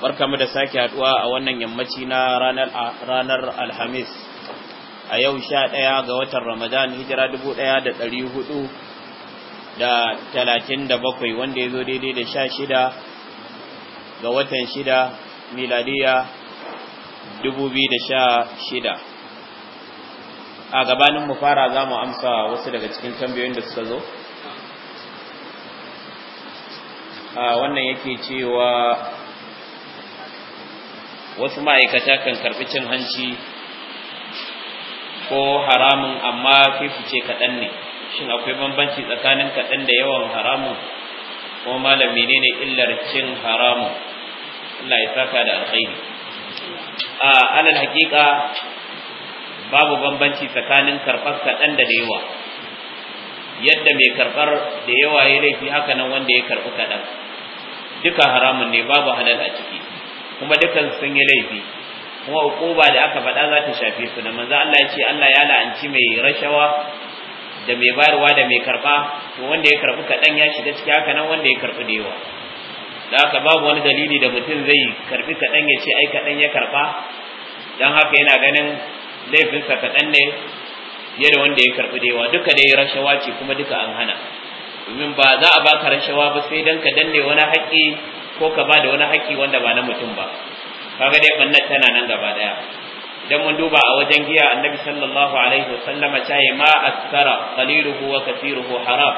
barkamu da sake haduwa a wannan yammaci na ranar alhamis a yau sha ɗaya ga watan ramadan hijira dubu ɗaya da ɗari hudu da talatin da bakwai wanda ya zo daidai da sha shida ga watan shida miladiya dubu biyu da sha shida a gabanin mu fara za mu amsa wasu daga cikin tambayoyin da suka zo wannan yake cewa wasu ma'aikata kan karɓi cin hanci ko haramun amma fifice ce kaɗan ne shin akwai bambanci tsakanin kaɗan da yawan haramun ko malam ne illar cin haramun Allah ya saka da alkhairi a alal haƙiƙa babu bambanci tsakanin karɓar kaɗan da yawa yadda mai karɓar da yawa ya laifi haka nan wanda ya karɓi kaɗan duka haramun ne babu halal a ciki kuma dukan sun yi laifi kuma ukuba da aka faɗa za ta shafe su da manzo Allah ya ce Allah ya la'anci mai rashawa da mai bayarwa da mai karba to wanda ya karbi kaɗan ya shiga ciki haka nan wanda ya karbi da yawa da haka babu wani dalili da mutum zai karbi kaɗan ya ce ai kaɗan ya karba don haka yana ganin laifinsa kaɗan ne fiye da wanda ya karbi da yawa duka dai rashawa ce kuma duka an hana domin ba za a baka rashawa ba sai dan ka danne wani haƙƙi ko ka ba da wani haƙƙi wanda ba na mutum ba kaga dai bannan tana nan gaba daya idan mun duba a wajen giya annabi sallallahu alaihi wasallam ya ce ma asara qaliluhu wa kathiruhu haram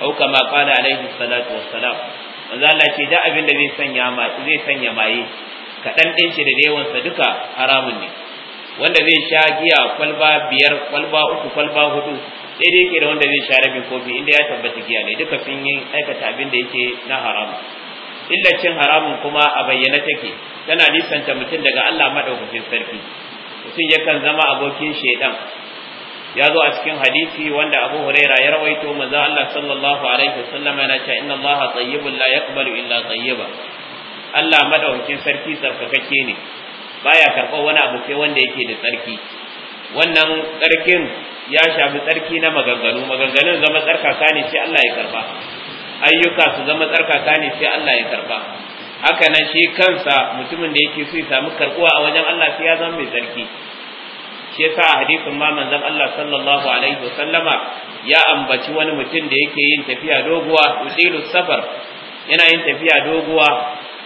au kama qala alaihi salatu wassalam manzo Allah ce da abin da zai sanya ma zai sanya maye kaɗan ɗin shi da yawan sa duka haramun ne wanda zai sha giya kwalba biyar kwalba uku kwalba hudu daidai yake da wanda zai sha rabin kofi inda ya tabbata giya ne duka sun yi aikata abin da yake na haramu illa cin haramun kuma a bayyana take tana nisanta mutum daga Allah madaukakin sarki mutum yakan zama abokin shaidan ya zo a cikin hadisi wanda Abu Huraira ya rawaito manzo Allah sallallahu alaihi wasallam yana cewa inna Allah tayyibun la yaqbalu illa tayyiba Allah madaukakin sarki tsarkakake ne baya karɓar wani abu sai wanda yake da tsarki wannan tsarkin ya shafi tsarki na maganganu maganganun zama tsarkaka ne sai Allah ya karba ayyuka su zama tsarkaka ne sai Allah ya karba haka nan shi kansa mutumin da yake so ya samu karbuwa a wajen Allah sai ya zama mai tsarki shi yasa a hadisin ma manzon Allah sallallahu alaihi wasallama ya ambaci wani mutum da yake yin tafiya doguwa usilu safar yana yin tafiya doguwa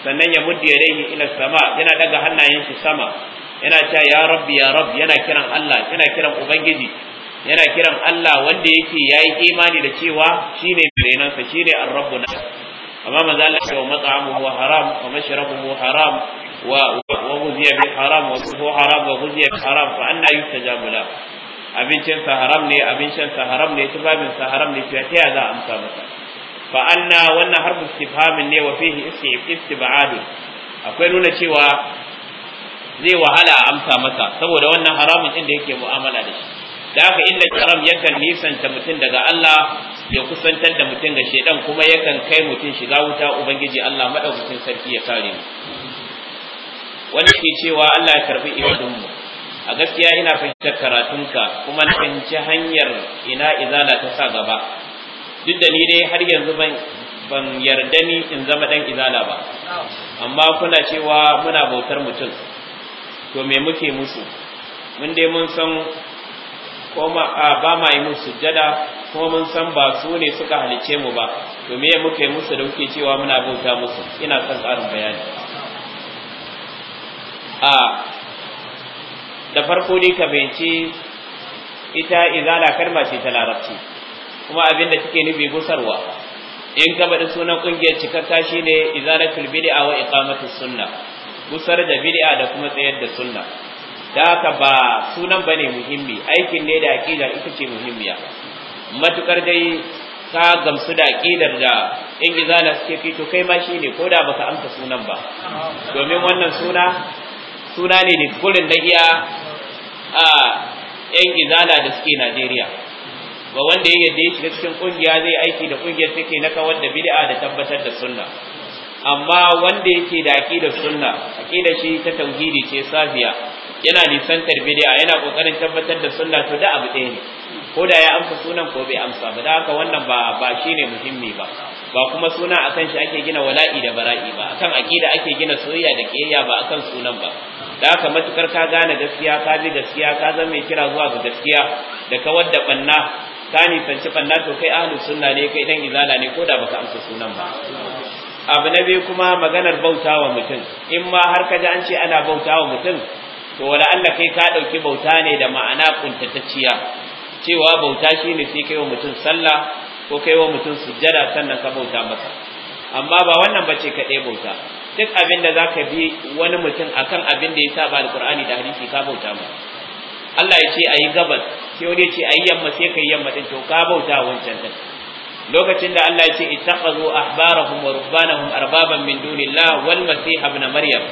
sannan ya muddi yadayhi ila sama yana daga hannayen shi sama yana cewa ya rabbi ya rabbi yana kiran Allah yana kiran ubangiji yana kiran Allah wanda yake yayi imani da cewa shine renansa shine ar-rabbuna amma manzo Allah ya mat'amu wa haram wa mashrabu wa haram wa wa ghuziya bil haram wa huwa haram wa guziya bi haram fa anna yustajabu la abincin sa haram ne shan sa haram ne tubabin sa haram ne ta ya za amsa masa fa anna wannan harfu istifhamin ne wa fihi istib'ad akwai nuna cewa zai wahala amsa masa saboda wannan haramun inda yake mu'amala da shi da haka inda kiram yakan nisanta mutum daga Allah ya kusantar da mutum ga shedan kuma yakan kai mutum shiga wuta ubangiji Allah madaukakin sarki ya kare mu Wani ke cewa Allah ya karbi ibadun mu a gaskiya ina fahimtar karatunka kuma na fahimci hanyar ina izala ta sa gaba duk da ni dai har yanzu ban ban yarda ni in zama dan izala ba amma kuna cewa muna bautar mutum to me muke musu mun dai mun san ba ma yi musu sujjada kuma mun san ba su ne suka halice mu ba to me muka yi musu da muke cewa muna bauta musu ina son tsarin bayani a da farko dai ka bayyance ita izala kalma ce ta larabci kuma abin da kike nufi gusarwa in ka bada sunan kungiyar cikakka shine izalatul bid'a wa iqamatus sunna gusar da bid'a da kuma tsayar da sunna da haka ba sunan bane muhimmi aikin ne da aƙidar ita ce muhimmiya matukar dai ka gamsu da aƙidar da in izala suke fi kai ma ne ko da baka amsa sunan ba domin wannan suna suna ne da kullun da iya a yan izala da suke Najeriya ba wanda ya yadda ya shiga cikin kungiya zai aiki da kungiyar take na kawar da bid'a da tabbatar da sunna amma wanda yake da aqidar sunna aqidar shi ta tauhidi ce safiya yana nisantar bid'a yana kokarin tabbatar da sunna to da abu ɗaya ne ko da ya amsa sunan ko bai amsa ba da haka wannan ba ba shine muhimmi ba ba kuma suna akan shi ake gina wala'i da bara'i ba akan aqida ake gina soyayya da kiyayya ba akan sunan ba da haka matukar ka gane gaskiya ka bi gaskiya ka zama mai kira zuwa ga gaskiya da kawar da banna ka ni fanci banna to kai ahlus sunna ne kai dan izala ne ko da baka amsa sunan ba abu na biyu kuma maganar bautawa mutum in ma har ka ji an ce ana bautawa mutum to wala Allah kai ka dauki bauta ne da ma'ana kuntatacciya cewa bauta ne sai kai wa mutum sallah ko kai wa mutum sujjada sannan ka bauta masa amma ba wannan bace kadai bauta duk abin da zaka bi wani mutum akan abin da ya saba alqur'ani da hadisi ka bauta masa Allah ya ce ayi gabas sai wani ya ce ayi yamma sai kai yamma din to ka bauta wancan din lokacin da Allah ya ce ittakhadhu ahbarahum wa rubbanahum arbaban min dunillahi wal masih ibn maryam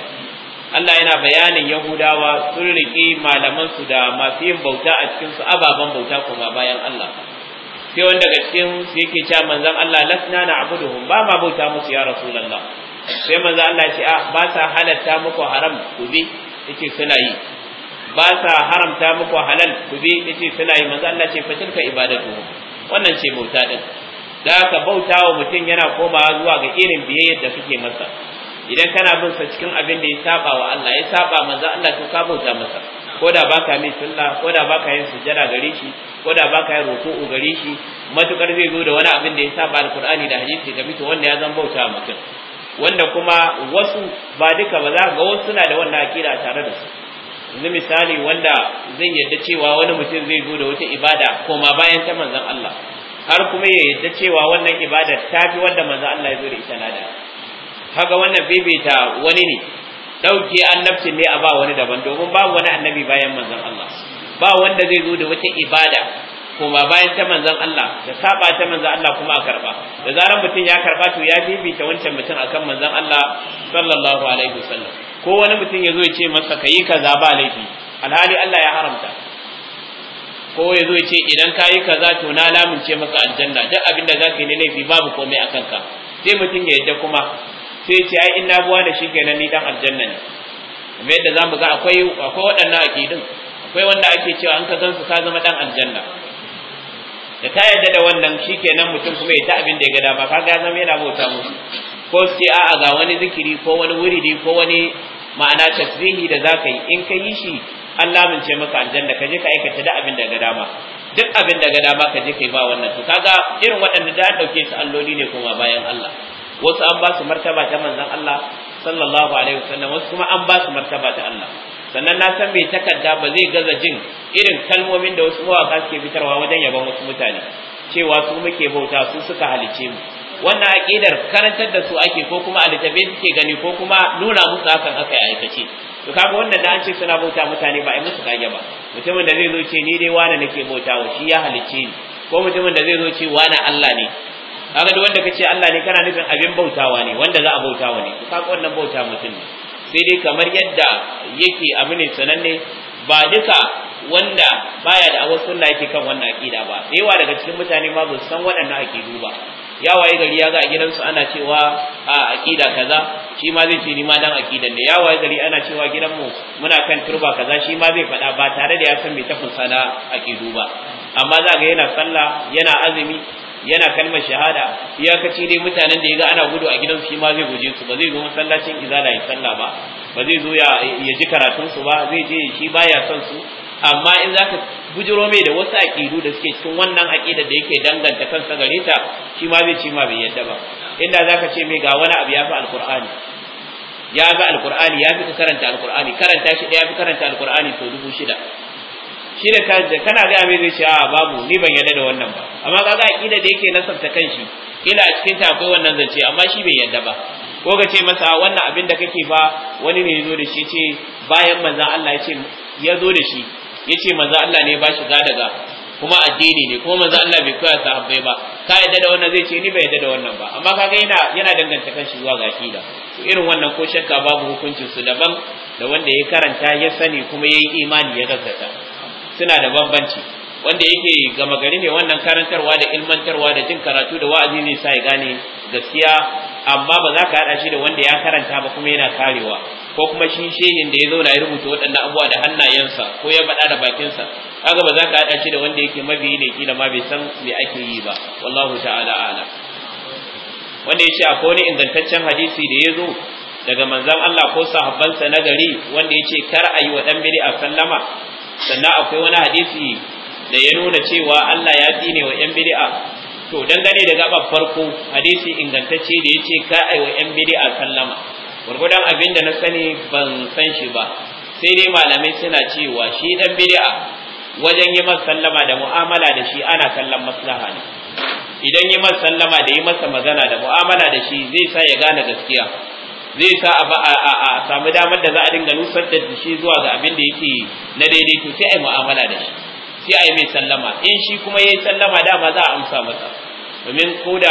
Allah yana bayanin Yahudawa sun riƙe malamansu da masu yin bauta a cikinsu ababen bauta kuma bayan Allah sai wanda daga cikin su yake cewa manzon Allah lasna na abuduhum ba ma bauta musu ya rasulullah sai manzon Allah ya ce a ah, ba sa halatta muku haram ku bi yake suna yi ba sa haramta muku halal ku bi yake suna yi manzon Allah ce fatilka ibadatu wannan ce bauta din da ka bauta wa mutum yana komawa zuwa ga irin biyayyar da suke masa idan kana bin sa cikin abin da ya saba wa Allah ya saba manzo Allah to ka bauta masa ko da baka mai sunna ko da baka yin sujjada gare shi ko da baka yin ruku'u gare shi matukar zai zo da wani abin da ya saba alqur'ani da hadisi ga mutum wanda ya zan bauta mutum wanda kuma wasu ba duka ba za ga wasu suna da wannan akida tare da su yanzu misali wanda zai yadda cewa wani mutum zai zo da wata ibada koma bayan ta manzon Allah har kuma ya yadda cewa wannan ibada ta fi wanda manzon Allah ya zo da ita lada kaga wannan ta wani ne dauke annabcin ne a ba wani daban domin babu wani annabi bayan manzon Allah ba wanda zai zo da wata ibada kuma bayan ta manzon Allah da saba ta manzon Allah kuma a karba da zarar mutum ya karba to ya fifita wancan mutum akan manzon Allah sallallahu alaihi wasallam ko wani mutum ya zo ya ce masa kayi kaza ba laifi alhali Allah ya haramta ko ya zo ya ce idan kayi kaza to na lamince maka aljanna duk abinda da zaka yi na laifi babu komai akan ka sai mutum ya yadda kuma sai ce ai in buwa da shi kenan ni dan aljanna ne kuma yadda zamu ga akwai akwai waɗannan akidin akwai wanda ake cewa an ka su ka zama dan aljanna da ta yadda da wannan kenan mutum kuma ya ta abin da ya ga dama kaga zama yana bauta musu ko sai a'a ga wani zikiri ko wani wuridi ko wani ma'ana tasbihi da zaka yi in ka yi shi Allah mun ce maka aljanna ka je ka aikata da abin da ga dama duk abin da ga dama ka je kai ba wannan to kaga irin waɗanda da dauke su alloli ne kuma bayan Allah wasu an ba su martaba ta manzon Allah sallallahu alaihi wasallam wasu kuma an ba su martaba ta Allah sannan na san mai takarda ba zai gaza jin irin kalmomin da wasu mawaka suke fitarwa wajen yaban wasu mutane cewa su muke bauta su suka halice mu wannan aqidar karantar da su ake ko kuma alitabe suke gani ko kuma nuna musu hakan aka yi aikace to kaga wannan da an ce suna bauta mutane ba ai musu kage ba mutumin da zai zo ce ni dai wani nake bauta wa shi ya halicce ni ko mutumin da zai zo ce wani Allah ne kaga duk wanda kace Allah ne kana nufin abin bautawa ne wanda za a bautawa ne ga wannan bauta mutum ne sai dai kamar yadda yake abu ne sananne ba duka wanda baya da abu sunna yake kan wannan aqida ba sai wa daga cikin mutane ma ba su san waɗannan ake ba ya waye gari ya ga a gidansu ana cewa a aqida kaza shi ma zai ce ni ma dan aqidan ne ya waye gari ana cewa gidan mu muna kan turba kaza shi ma zai faɗa ba tare da ya san me ta fusa na aqidu ba amma za ga yana sallah yana azumi yana kalmar shahada iyakaci dai mutanen da ya ga ana gudu a gidan shi ma zai guje su ba zai zo masallacin izala ya sallah ba ba zai zo ya ji karatun su ba zai je shi baya son su amma in zaka bujiro mai da wasu aƙidu da suke cikin wannan aƙidar da yake danganta kansa gare ta shi ma zai ci ma bai yadda ba inda zaka ce mai ga wani abu ya fi alkur'ani ya ga Alƙur'ani. ya fi karanta Alƙur'ani. karanta shi ɗaya fi karanta alkur'ani sau dubu shida shine ka je kana ga mai zai ce a babu ni ban yarda da wannan ba amma kaga aqida da yake kan kanshi kila a cikin ta akwai wannan zance amma shi bai yarda ba ko ga ce masa wannan abin da kake fa wani ne yazo da shi ce bayan manzo Allah ya ce ya zo da shi ya ce Allah ne ba shi daga kuma addini ne kuma manzo Allah bai koya habbai ba ka yarda da wannan zai ce ni bai yarda da wannan ba amma kaga yana yana danganta kanshi zuwa ga aqida irin wannan ko shakka babu hukuncin su daban da wanda ya karanta ya sani kuma ya yi imani ya gaskata suna da bambanci wanda yake gama gari ne wannan karantarwa da ilmantarwa da jin karatu da wa'azi ne sa ya gane gaskiya amma ba za ka haɗa shi da wanda ya karanta ba kuma yana karewa ko kuma shi shehin da ya zo ya rubuta waɗannan abubuwa da hannayensa ko ya faɗa da bakinsa kaga ba za ka haɗa shi da wanda yake mabiyi ne kila ma bai san me ake yi ba wallahu ta'ala ala wanda ya ce akwai wani ingantaccen hadisi da ya zo daga manzon Allah ko sahabbansa na gari wanda ya ce kar a yi wa Dan biri a sallama sannan akwai wani hadisi da ya nuna cewa Allah ya tsine wa yan bid'a to dangane da gaba farko hadisi ingantacce da yace ka aiwa wa yan bid'a sallama gurgudan abin da na sani ban san shi ba sai dai malamai suna cewa shi ɗan bid'a wajen yi masa sallama da mu'amala da shi ana kallon maslaha ne idan yi masa sallama da yi masa magana da mu'amala da shi zai sa ya gane gaskiya zai sa a samu damar da za a dinga nusar da shi zuwa ga abin da yake na daidai to sai a yi mu'amala da shi sai a yi mai sallama in shi kuma ya yi sallama dama za a amsa masa domin ko da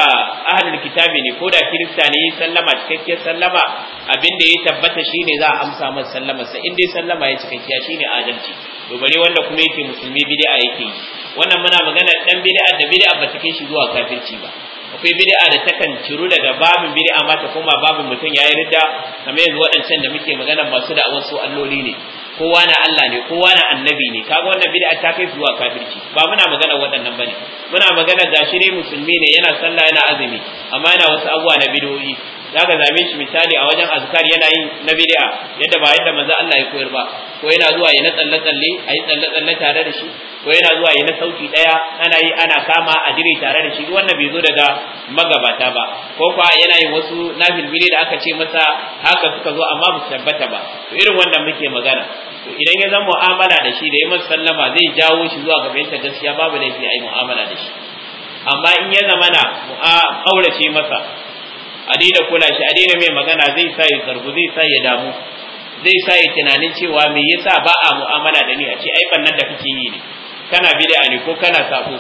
ahalin kitabi ne ko da kirista ne yi sallama cikakkiyar sallama abin da ya tabbata shine za a amsa masa sallama sa in dai sallama ya cikakkiya ne adalci to bari wanda kuma yake musulmi bid'a yake yi wannan muna magana dan bid'a da bid'a ba ta kai shi zuwa kafirci ba akwai bid'a da takan ciru daga babin bid'a ma ta koma babin mutum yayi ridda kamar yanzu waɗancan da muke magana masu da wasu alloli ne kowa na Allah ne kowa na annabi ne kaga wannan bid'a ta kai zuwa kafirci ba muna magana waɗannan bane muna magana gashi ne musulmi ne yana sallah yana azumi amma yana wasu abubuwa na bid'o'i za ka shi misali a wajen azkar yana yin na bid'a yadda ba yadda manzo Allah ya koyar ba ko yana zuwa yana tsalle tsalle a yi tsalle tsalle tare da shi ko yana zuwa yana sauti daya ana yi ana kama a dire tare da shi duk wannan bai zo daga magabata ba ko kuwa yana yin wasu nafilbili da aka ce masa haka suka zo amma ba su tabbata ba to irin wannan muke magana to idan ya zama mu'amala da shi da ya masa sallama zai jawo shi zuwa ga fahimtar gaskiya babu laifi a yi mu'amala da shi amma in ya zamana a aurace masa a daina kula shi a daina mai magana zai sa ya zargu zai sa ya damu zai sa ya tunanin cewa me yasa ba a mu'amala da ni a ce ai bannan da kake yi ne kana bid'a ne ko kana sako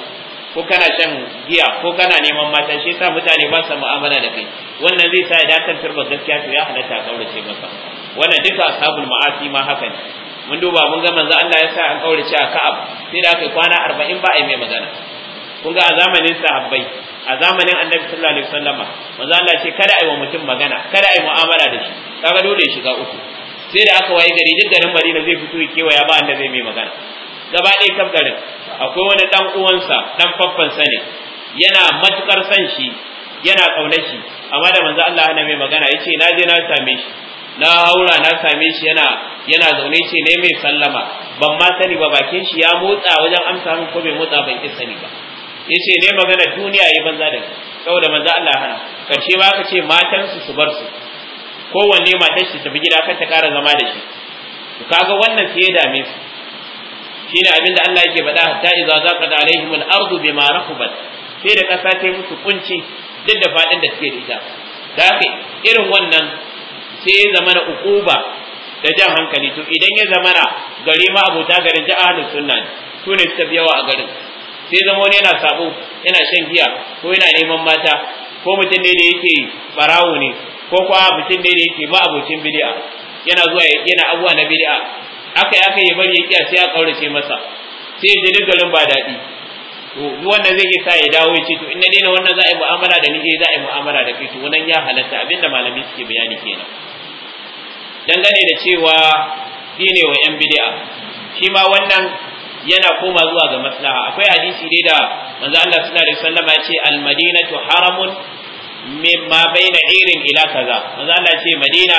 ko kana shan giya ko kana neman mata shi yasa mutane ba su mu'amala da kai wannan zai sa ya dakan turba gaskiya to ya halatta a kaurace masa wannan duka ashabul ma'asi ma haka ne mun duba mun ga manzo Allah ya sa an kaurace a Ka'ab sai da aka kwana 40 ba a mai magana kun ga a zamanin sahabbai a zamanin annabi sallallahu alaihi wasallama manzo Allah ce kada ai wa mutum magana kada ai mu'amala da shi kaga dole ya shiga uku sai da aka waye gari duk garin Madina zai fito kewa ya ba annabi mai magana gaba ɗaya kaf garin akwai wani dan uwansa dan faffan ne yana matukar san shi yana kaunar shi amma da manzo Allah ana mai magana yace na je na same shi na haura na same shi yana yana zaune ce ne mai sallama ban ma sani ba bakin shi ya motsa wajen amsa min ko bai motsa ban ki sani ba yace ne magana duniya yi banza da saboda manzo Allah hana karshe ba ka ce matan su su bar su kowanne matan shi tafi gida kan ta ƙara zama da shi to kaga wannan sai ya dame su shine abin da Allah yake faɗa hatta idza zaqat alaihim al-ardu bima rahubat sai da kasa ta yi musu kunci duk da fadin da suke da ita da haka irin wannan sai ya zama na ukuba da jan hankali to idan ya zama na gari ma abota garin ji sunna ne su ne suka a garin sai zama wani yana sabo yana shan giya ko yana neman mata ko mutum ne da yake barawo ne ko kuwa mutum ne da yake ba abokin bid'a yana zuwa yana abuwa na bid'a aka yi aka yi bari ya kiya sai a kaurace masa sai ya duk ba daɗi to wannan zai sa ya dawo ya ce to in na daina wannan za a yi mu'amala da ni eh, za a yi mu'amala da kai to wannan ya halatta abinda malami suke bayani kenan dangane da cewa dine wa yan bid'a shi ma wannan yana koma zuwa ga maslaha akwai hadisi dai da manzo Allah sallallahu alaihi wasallam ya ce al madinatu haramun mimma baina irin ila kaza manzo Allah ce madina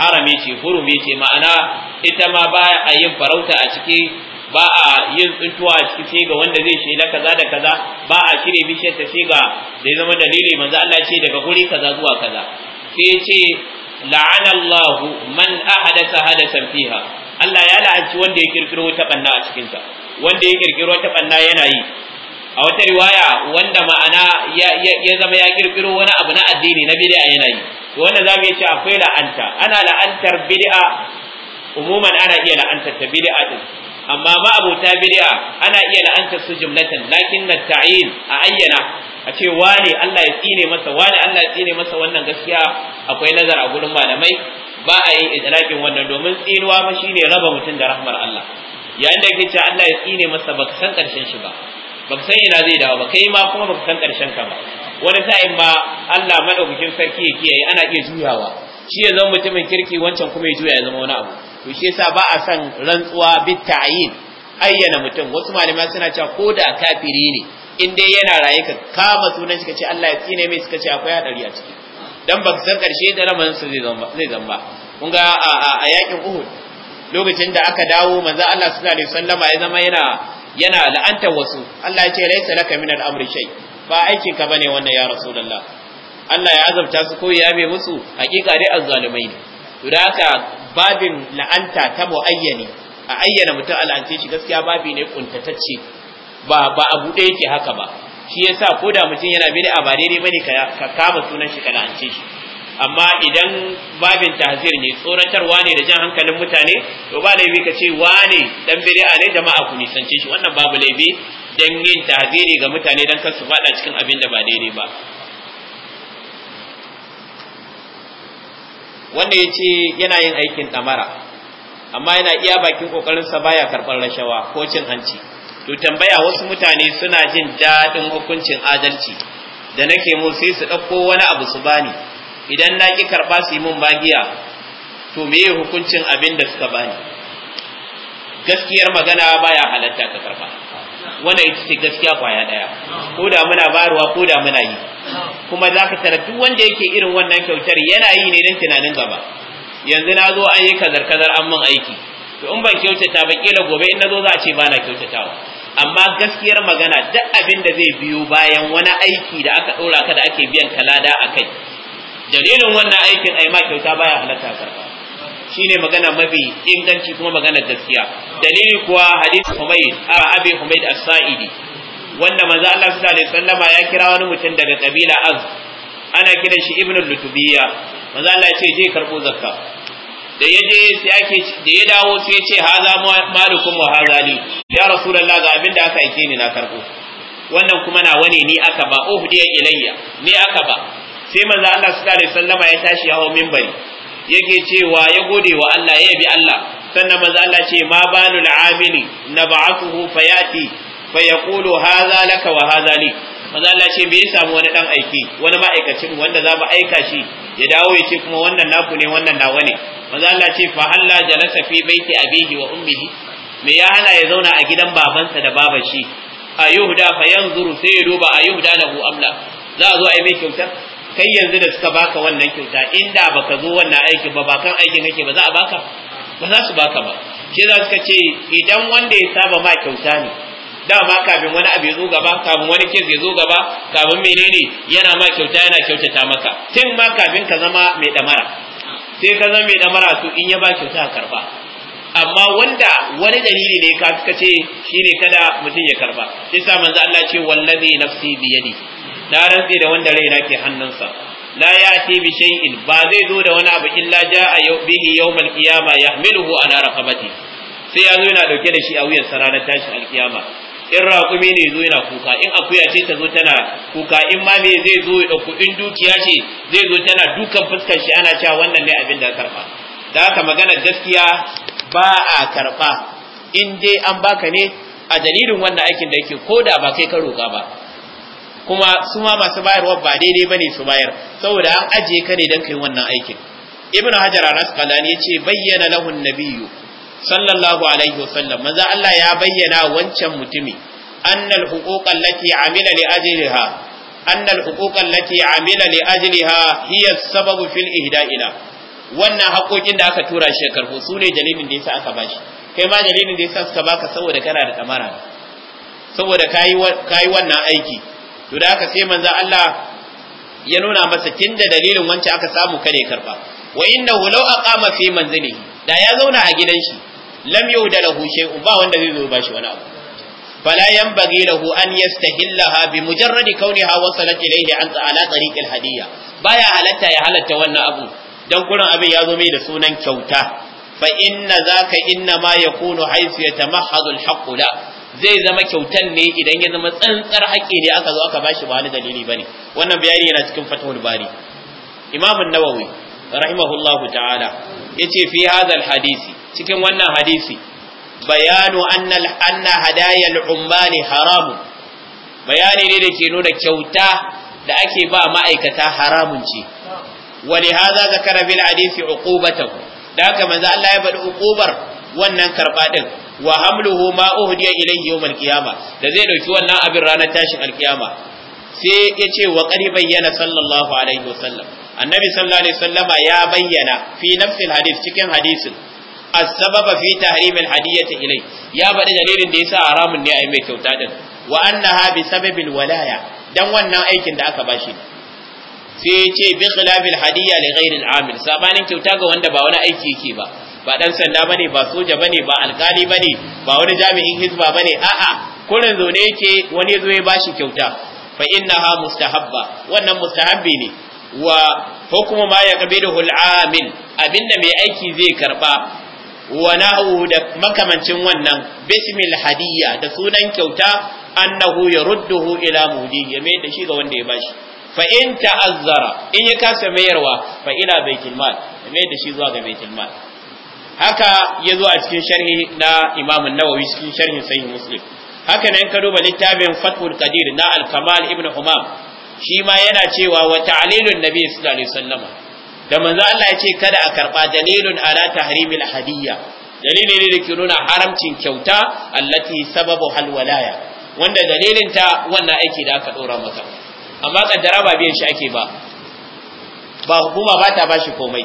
harami ce hurumi ce ma'ana ita ma ba a yin farauta a ciki ba a yin tsuntuwa a ciki sai ga wanda zai na kaza da kaza ba a cire bishiyar ta sai ga da zama dalili manzo Allah ce daga guri kaza zuwa kaza sai ce la'anallahu man ahadatha hadatan fiha Allah ya la'anci wanda ya kirkiro wata banna a cikinta. ta wanda ya kirkiro ta banna yana yi a wata riwaya wanda ma'ana ya zama ya kirkiro wani abu na addini na bid'a yana yi to wanda zamu yi ce akwai la'anta ana la'antar bid'a umuman ana iya la'antar ta bid'a din amma ma abota bid'a ana iya la'antar su jumlatan lakin na ta'in a ayyana a ce wane Allah ya tsine masa wane Allah ya tsine masa wannan gaskiya akwai nazar a gurin malamai ba a yi idrakin wannan domin tsinuwa ma shine raba mutum da rahmar Allah yayin da yake cewa Allah ya tsine masa baka san karshen shi ba baka san ina zai dawo ba kai ma kuma baka san karshen ka ba wani sa'in ma Allah madaukakin sarki ya kiyaye ana iya juyawa shi ya zama mutumin kirki wancan kuma ya juya ya zama wani abu to shi yasa ba a san rantsuwa bit ta'yin ayyana mutum wasu malamai suna cewa ko da kafiri ne in dai yana raye ka kama sunan shi ka ce Allah ya tsine mai suka ce akwai hadari a ciki dan baka san karshe da ramansu su zai zama zai zama kun ga a yakin Uhud lokacin da aka dawo manzo Allah sallallahu alaihi wasallama ya zama yana yana la'antar wasu Allah ya ce laysa laka min al-amri shay ba aikin ka bane wannan ya rasulullah Allah ya azabta su ko ya yabe musu hakika dai azzalumai ne to da haka babin la'anta ta muayyani a ayyana mutum al'ance shi gaskiya babi ne kuntatacce ba ba a bude yake haka ba shi yasa ko da mutum yana da ba ne bane ka kama sunan shi ka la'ance shi amma idan babin tahzir ne tsoratarwa ne da jan hankalin mutane to ba laifi ka ce wane dan bid'a ne jama'a ku nisance shi wannan babu laifi dan yin tahziri ga mutane dan kar su fada cikin abin da ba daidai ba wanda ya ce yana yin aikin ɗamara amma yana iya bakin ƙoƙarinsa baya karɓar rashawa ko cin hanci to tambaya wasu mutane suna jin daɗin hukuncin adalci da nake mu sai su ɗauko wani abu su bani idan na ki karɓa su yi mun magiya to me yi hukuncin abin da suka bani gaskiyar magana baya halatta ka karɓa wannan ita ce gaskiya kwaya ɗaya ko da muna baruwa ko da muna yi kuma za ka tara duk wanda yake irin wannan kyautar yana yi ne don tunanin gaba yanzu na zo an yi kazar kazar an mun aiki to in ban kyautata ba kila gobe in na zo za a ce ba kyautatawa amma gaskiyar magana duk abin da zai biyo bayan wani aiki da aka ɗora ka da ake biyan kalada a kai dalilin wannan aikin ai ma kyauta baya halatta ba shine magana mafi inganci kuma magana gaskiya dalili kuwa hadisi Humayd a Abi Humayd As-Sa'idi wanda manzo Allah sallallahu alaihi wasallama ya kira wani mutum daga kabila Az ana kiran shi Ibn Lutubiyya manzo Allah ya ce je karbo zakka da ya je sai ake da ya dawo sai ya ce haza malukum wa li ya rasulullahi ga abin da aka aike ni na karbo wannan kuma na wane ni aka ba uhdiya ilayya ni aka ba sai manzo Allah sallallahu alaihi wasallama ya tashi ya hawo minbari yake cewa ya gode wa Allah ya yabi Allah sannan manzo Allah ce ma balul amili nab'athuhu fayati fayaqulu hadha laka wa hadha li manzo Allah ce bai samu wani dan aiki wani ma'aikacin wanda za mu aika shi ya dawo ya ce kuma wannan naku ne wannan nawa ne manzo Allah ce fa halla jalasa fi baiti abihi wa ummihi me ya hana ya zauna a gidan babansa da baban shi ayuhda fa yanzuru sai ya duba ayuhda lahu amla za a zo a yi mai kyautar kai yanzu da suka baka wannan kyauta inda baka zo wannan aikin ba bakan aikin kake ba za a baka ba za su baka ba shi za suka ce idan wanda ya saba ma kyauta ne dama kafin wani abu ya zo gaba kafin wani kes ya zo gaba kafin menene yana ma kyauta yana kyautata maka tun ma kafin ka zama mai damara sai ka zama mai damara to in ya ba kyauta a karba amma wanda wani dalili ne ka suka ce shine kada mutum ya karba sai sa manzo Allah ce wallazi nafsi biyadi na rantse da wanda raina ke hannunsa la ya'ti bi shay'in ba zai zo da wani abu illa yau bihi yawmal qiyama yahmiluhu ala raqabati sai ya zo yana dauke da shi a wuyan ranar tashin alkiyama in raƙumi ne zo yana kuka in akuya ce ta zo tana kuka in ma me zai zo ya ɗauko in dukiya ce zai zo tana dukan fuskar shi ana cewa wannan ne abin da karɓa da haka magana gaskiya ba a karɓa in dai an baka ne a dalilin wannan aikin da yake ko da ba kai ka roƙa ba kuma su ma masu bayarwa ba daidai bane su bayar saboda an ajiye ka ne dan kai wannan aikin ibn hajar al-asqalani yace bayyana lahu an-nabiyyu sallallahu alaihi wasallam manzo Allah ya bayyana wancan mutumi annal huquqa allati amila li ajliha annal huquqa allati amila li ajliha hiya sababu fil ihda'ina wannan haƙoƙin da aka tura shi karfo su ne dalilin da yasa aka bashi kai ma dalilin da yasa suka baka saboda kana da kamara saboda kayi kayi wannan aiki to da aka sai manzon Allah ya nuna masa da dalilin wancan aka samu kare karba wa innahu law aqama fi manzilihi da ya zauna a gidan shi lam da lahu shay'un ba wanda zai zo ba shi wani abu fala yanbaghi lahu an yastahillaha bi mujarradi kauniha wasalat ilayhi an ala tariq al hadiyya baya halatta ya halatta wannan abu dan kurin abin ya zo mai da sunan kyauta fa inna zaka inna ma yakunu haythu yatamahhadu al haqq la zai zama kyautan ne idan ya zama tsantsar haƙƙi ne aka zo aka bashi ba wani dalili bane wannan bayani yana cikin fatahul bari imam an-nawawi rahimahullahu ta'ala yace fi hadisi cikin wannan hadisi bayanu anna anna hadaya al haram bayani ne da ke nuna kyauta da ake ba ma'aikata haramun ce wa li hadha zakara bil hadisi uqubatahu da haka manzo Allah ya bada uqubar wannan karba din wa hamluhu ma uhdiya ilayhi yawm al da zai dauki wannan abin ranar tashin al-qiyama sai ya ce wa qad bayyana sallallahu alaihi sallam, annabi sallallahu alaihi wasallama ya bayyana fi nafsil hadith cikin hadisin as-sababa fi tahrim al-hadiyati ilay ya bada dalilin da yasa haramun ne a mai kyauta din wa annaha bi sababil walaya dan wannan aikin da aka bashi sai ya ce bi khilafil hadiyya li ghairi al-amil sabanin kyauta ga wanda ba wani aiki yake ba ba dan sanda bane ba soja bane ba alkali bane ba wani jami'in hizba bane a'a kurin zaune yake wani zo ya bashi kyauta fa innaha mustahabba wannan mustahabbi ne wa hukmu ma yaqbiluhu al-amil abinda mai aiki zai karba wa na'u da makamancin wannan bismil hadiyya da sunan kyauta annahu yarudduhu ila mudi ya mai da shi ga wanda ya bashi fa in ta'azzara in ya kasa mayarwa fa ila baitul mal mai da shi zuwa ga baitul mal haka ya zo a cikin sharhi na imam nawawi cikin sharhin sahih muslim haka nan ka duba littafin fathul qadir na al-kamal ibn humam shi ma yana cewa wa ta'lilun nabi sallallahu alaihi wasallam da manzo Allah ya ce kada a karba dalilun ala tahrimil hadiyya dalili ne da ke nuna haramcin kyauta allati sababu halwalaya wanda dalilin ta wannan aiki da aka dora maka amma kaddara ba biyan shi ake ba ba hukuma ba ta bashi komai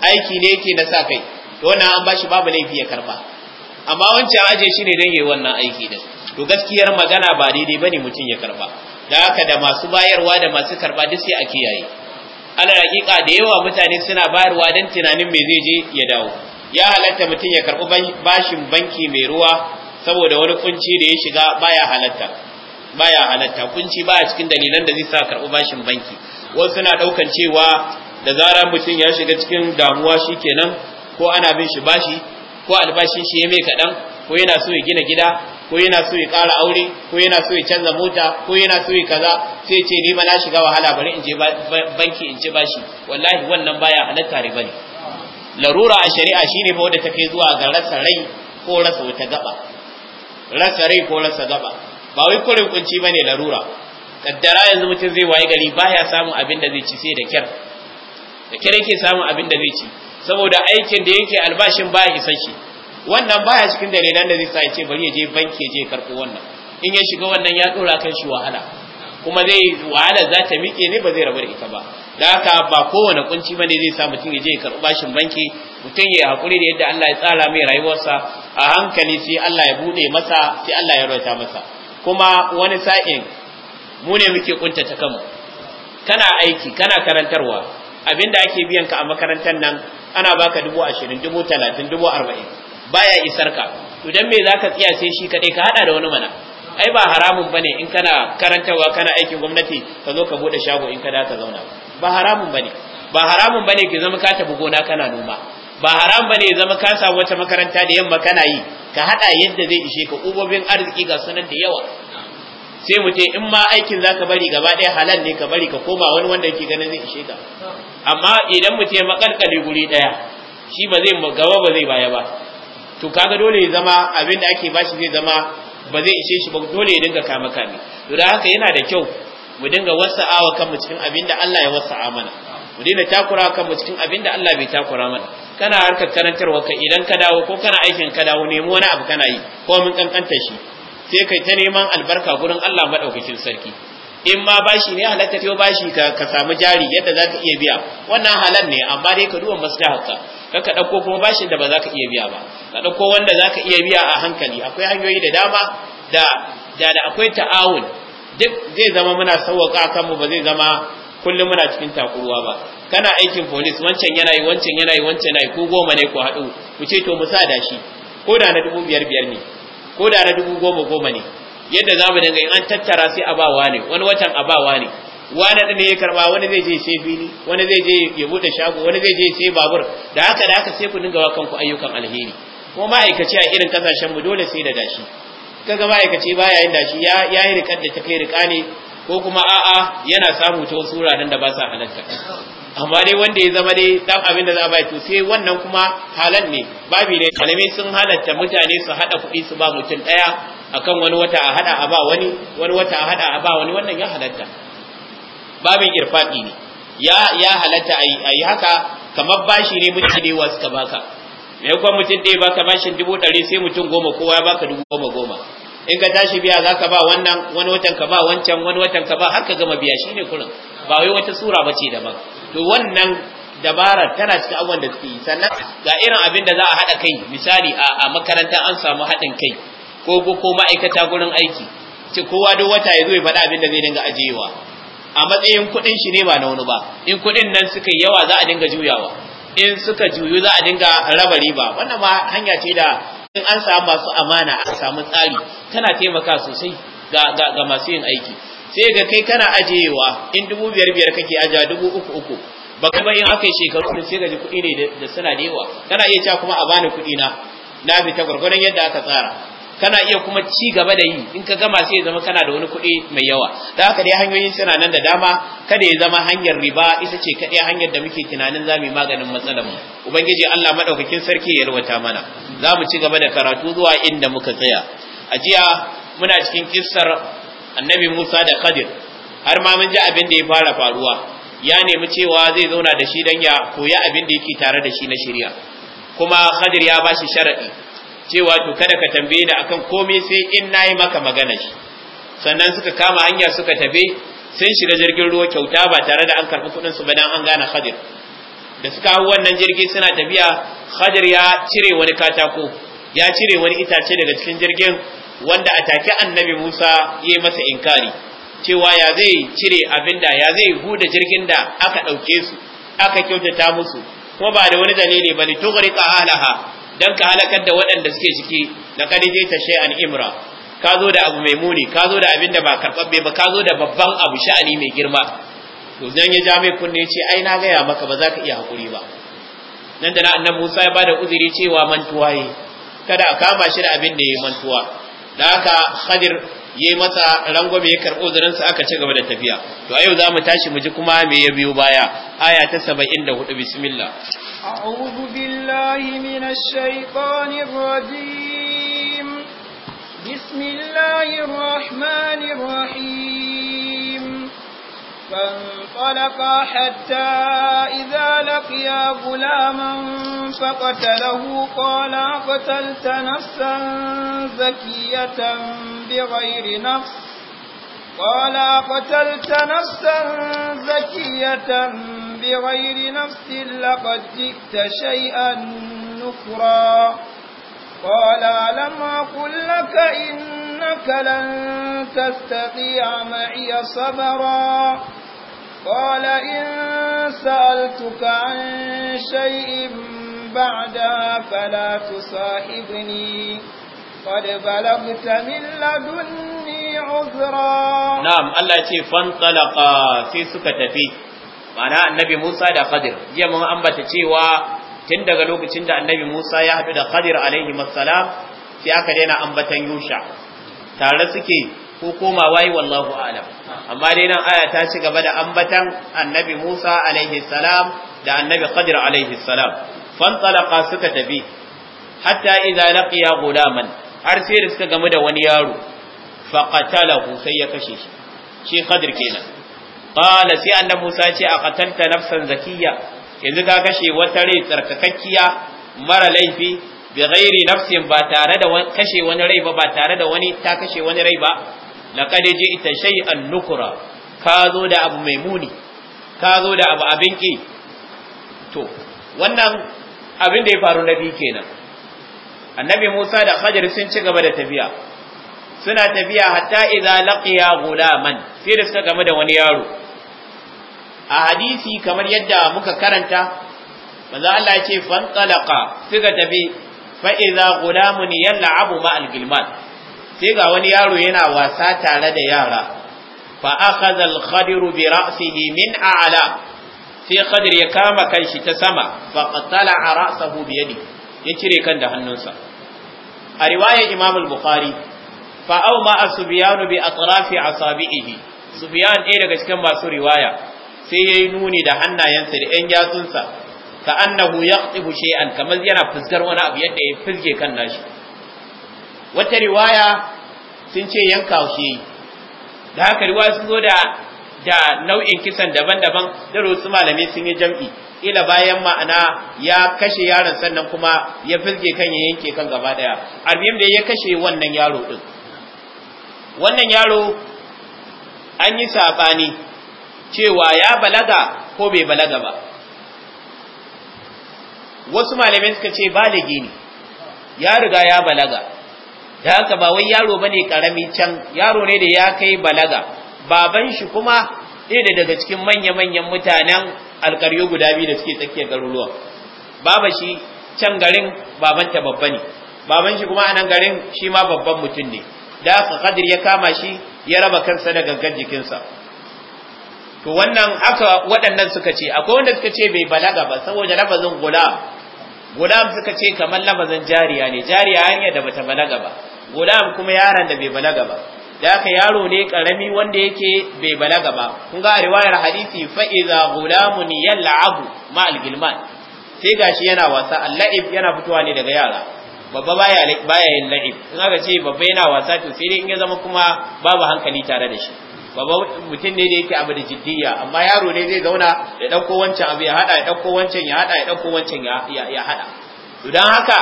aiki ne yake na sa kai to wannan an bashi babu laifi ya karba amma wancan aje shi ne dan yayi wannan aiki din to gaskiyar magana ba daidai bane mutum ya karba da haka da masu bayarwa da masu karba duk sai a kiyaye ala hakika da yawa mutane suna bayarwa dan tunanin me zai je ya dawo ya halatta mutum ya karbi bashin banki mai ruwa saboda wani kunci da ya shiga baya halatta baya halatta kunci baya cikin dalilan da zai sa karbi bashin banki wasu suna daukan cewa da zarar mutum ya shiga cikin damuwa shikenan ko ana bin shi bashi ko albashin shi ya mai kaɗan ko yana so ya gina gida ko yana so ya ƙara aure ko yana so ya canza mota ko yana so ya kaza sai ce ni ba na shiga wahala bari in je banki in ci bashi wallahi wannan baya halatta riba ne larura a shari'a shine ba wanda ta kai zuwa ga rasa rai ko rasa wata gaba rasa rai ko rasa gaba ba wai kurin kunci bane larura kaddara yanzu mutum zai waye gari baya samun abin da zai ci sai da kyar da kyar yake samun abin da zai ci saboda aikin da yake albashin ba isa shi wannan baya cikin dalilan da zai sa ce bari ya je banki je karɓo wannan in ya shiga wannan ya dora kan shi wahala kuma zai wahala za ta miƙe ne ba zai rabu da ita ba da haka ba kowane kunci bane zai sa mutum ya je ya bashin banki mutum ya hakuri da yadda Allah ya tsara mai rayuwarsa a hankali sai Allah ya bude masa sai Allah ya rawata masa kuma wani sa'in mu ne muke ta kanmu kana aiki kana karantarwa abinda ake biyan ka a makarantar nan ana baka dubu ashirin dubu talatin dubu arba'in baya isar ka to dan me zaka tsiya sai shi kaɗai ka haɗa da wani mana ai ba haramun bane in kana karantawa kana aikin gwamnati ka zo ka buɗe shago in ka da ka zauna ba haramun bane ba haramun bane ki zama ka tafi gona kana noma ba haram bane ya zama ka samu wata makaranta da yamma kana yi ka haɗa yadda zai ishe ka ubobin arziki ga sunan da yawa sai mu ce in ma aikin za ka bari gaba ɗaya halal ne ka bari ka koma wani wanda yake ganin zai ishe ka amma idan mu ce makalkale guri ɗaya shi ba zai gaba ba zai baya ba to kaga dole ya zama abin da ake bashi zai zama ba zai ishe shi ba dole ya dinga kama kame to da haka yana da kyau mu dinga wasa'awa kanmu cikin abin da Allah ya wasa'a mana mu dinga takura kanmu cikin abin da Allah bai takura mana kana harkar karantarwa ka idan ka dawo ko kana aikin ka dawo nemi wani abu kana yi ko mun kankanta shi sai kai ta neman albarka gurin Allah madaukakin sarki in ma bashi ne halatta ta bashi ka ka samu jari yadda zaka iya biya wannan halar ne amma dai ka duba maslaharka ka ka dauko kuma bashin da ba za ka iya biya ba ka dauko wanda za ka iya biya a hankali akwai hanyoyi da dama da da da akwai ta'awun duk zai zama muna sauwaka mu ba zai zama kullum muna cikin takuruwa ba kana aikin police wancan yana yi wancan yana yi wancan yana yi ko goma ne ko haɗu ku ce to mu sa da shi ko da na dubu biyar biyar ne ko da na dubu goma goma ne yadda za mu dinga in an tattara sai a bawa ne wani watan a bawa ne wani ne ya karba wani zai je sai fili wani zai je ya bude shago wani zai je sai babur da haka da haka sai ku dinga wa kanku ayyukan alheri kuma ma'aikaci a irin kasashen mu dole sai da dashi kaga ma'aikaci baya yin dashi ya ya yi rikar da ta kai rika ne ko kuma a'a yana samu ta wasu wuraren da ba sa halatta amma dai wanda ya zama dai dan abin da za a bai to sai wannan kuma halan ne babi ne malamai sun halatta mutane su hada kuɗi su ba mutum ɗaya akan wani wata a hada a ba wani wani wata a hada a ba wani wannan ya halatta babin irfaqi ne ya ya halatta ayi haka kamar bashi ne mutum ne wasu ka baka me kuma mutum ɗaya baka bashin dubu ɗari sai mutum goma kowa ya baka dubu goma goma in ka tashi biya za ka ba wannan wani watan ka ba wancan wani watan ka ba haka gama biya shine kurin ba wai wata sura bace daban to wannan dabara tana cikin abubuwan da suke yi sannan ga irin abin da za a haɗa kai misali a makaranta an samu haɗin kai ko ko ma'aikata gurin aiki ce kowa duk wata ya zo ya faɗa abin da zai dinga ajiyewa a matsayin kuɗin shi ne ba na wani ba in kuɗin nan suka yi yawa za a dinga juyawa in suka juyu za a dinga raba riba wannan ma hanya ce da in an samu masu amana a samu tsari tana taimaka sosai ga masu yin aiki sai ga kai kana ajiyewa in dubu biyar biyar kake ajiya dubu uku uku ba kuma in aka yi shekaru da sai ga kuɗi ne da suna da yawa kana iya cewa kuma a bani kuɗi na na fita gwargwadon yadda aka tsara kana iya kuma ci gaba da yi in ka gama sai ya zama kana da wani kuɗi mai yawa da haka dai hanyoyin suna nan da dama kada ya zama hanyar riba ita ce kaɗai hanyar da muke tunanin za mu yi maganin matsalar mu ubangiji Allah madaukakin sarki ya rubuta mana za mu ci gaba da karatu zuwa inda muka tsaya a jiya muna cikin kissar annabi Musa da Khadir har ma mun ji abin da ya fara faruwa ya nemi cewa zai zauna da shi dan ya koyi abin da yake tare da shi na shari'a kuma Khadir ya bashi sharadi cewa to kada ka tambaye ni akan komai sai in nayi maka magana shi sannan suka kama hanya suka tabe sun shiga jirgin ruwa kyauta ba tare da an karɓi kuɗin su ba dan an gane Khadir da suka hau wannan jirgi suna tafiya Khadir ya cire wani katako ya cire wani itace daga cikin jirgin wanda a take annabi Musa ya yi masa inkari cewa ya zai cire abin ya zai huda jirgin da aka ɗauke su aka kyautata musu kuma ba da wani dalili bane tughriqa halaha dan ka halakar da waɗanda suke ciki laqad ta an imra ka zo da abu mai muni ka zo da abin da ba karɓaɓɓe ba ka zo da babban abu sha'ani mai girma to dan ya ja mai kunne ce ai na gaya maka ba za ka iya hakuri ba nan da na annabi Musa ya bada uzuri cewa mantuwa yi kada a kama shi da abin da ya mantuwa da haka khadir yayi masa rangwame ya karɓo uzurinsa aka ci gaba da tafiya to a yau za mu tashi mu ji kuma me ya biyo baya aya ta 74 bismillah a'udhu billahi minash shaitanir rajim bismillahir rahmanir rahim فانطلقا حتى إذا لقيا غلاما فقتله قالا قتلت نفسا زكية بغير نفس قال قتلت نفسا زكية بغير نفس لقد جئت شيئا نكرا قالا لم أقل لك إنك لن تستطيع معي صبرا قال إن سألتك عن شيء بعدها فلا تصاحبني قد بلغت من لدني عذرا نعم الله يتي فانطلقا في سكتفي معنى النبي موسى دا خضر جي من أنبت تيوا tun daga lokacin da annabi Musa ya haɗu da Khadir alaihi masalam sai aka daina ambatan Yusha tare suke ko komawa wallahu a'lam amma dai nan aya ta ci gaba da ambatan annabi Musa alaihi salam da annabi Qadir alaihi salam fantalaqa suka tafi hatta idza laqiya gulaman har sai suka gamu da wani yaro faqatalahu sai ya kashe shi shi Qadir kenan qala sai annabi Musa ce a qatalta nafsan zakiyya yanzu ka kashe wata rai tsarkakakkiya mara laifi bi ghairi nafsin ba tare da kashe wani rai ba ba tare da wani ta kashe wani rai ba laqad ji'ta shay'an nukura ka zo da abu mai muni ka zo da abu to wannan abin da ya faru na biyu kenan annabi Musa da Khadir sun ci gaba da tafiya suna tafiya hatta idza laqiya gulaman sai da suka game da wani yaro a hadisi kamar yadda muka karanta manzo Allah ya ce talaqa suka tafi fa idza gulamun yal'abu al gilman sai ga wani yaro yana wasa tare da yara fa akhadha al-khadir bi ra'sihi min a'la sai khadir ya kama kanshi ta sama fa qatala ra'sahu bi yadi ya cire kan da hannunsa a riwaya imam al-bukhari fa aw ma asbiyanu bi atrafi asabihi subyan ɗaya daga cikin masu riwaya sai yayi nuni da hannayensa da ƴan yatsunsa ka annahu yaqtibu shay'an kamar yana fuskar wani abu yadda ya fizge kan nashi wata riwaya sun ce yanka shi da haka riwaya sun zo da da nau'in kisan daban-daban da rusu malamai sun yi jam'i ila bayan ma'ana ya kashe yaron sannan kuma ya filge kan ya yanke kan gaba daya albiyam da ya kashe wannan yaro din wannan yaro an yi sabani cewa ya balaga ko bai balaga ba wasu malamai suka ce baligi ne ya riga ya balaga da haka ba wai yaro bane karami can yaro ne da ya kai balaga baban shi kuma ɗaya daga cikin manya-manyan mutanen alkaryo guda biyu da suke tsakiyar garuruwa baba shi can garin baban ta babba ne baban shi kuma a nan garin shi ma babban mutum ne da haka kadir ya kama shi ya raba kansa da gangan jikinsa to wannan aka waɗannan suka ce akwai wanda suka ce bai balaga ba saboda lafazin gula gulam suka ce kamar labazan jariya ne jariya hanya da bata balaga ba gulam kuma yaron da bai balaga ba da aka yaro ne karami wanda yake bai balaga ba kun ga riwayar hadisi fa iza gulamun yal'abu ma al-gilman sai gashi yana wasa al-la'ib yana fitowa ne daga yara babba baya baya yin la'ib in ga ce babba yana wasa to sai dai in ya zama kuma babu hankali tare da shi baba mutum ne da yake abu da jiddiya amma yaro ne zai zauna ya ɗauko wancan abu ya haɗa ya ɗauko wancan ya haɗa ya ɗauko wancan ya haɗa don haka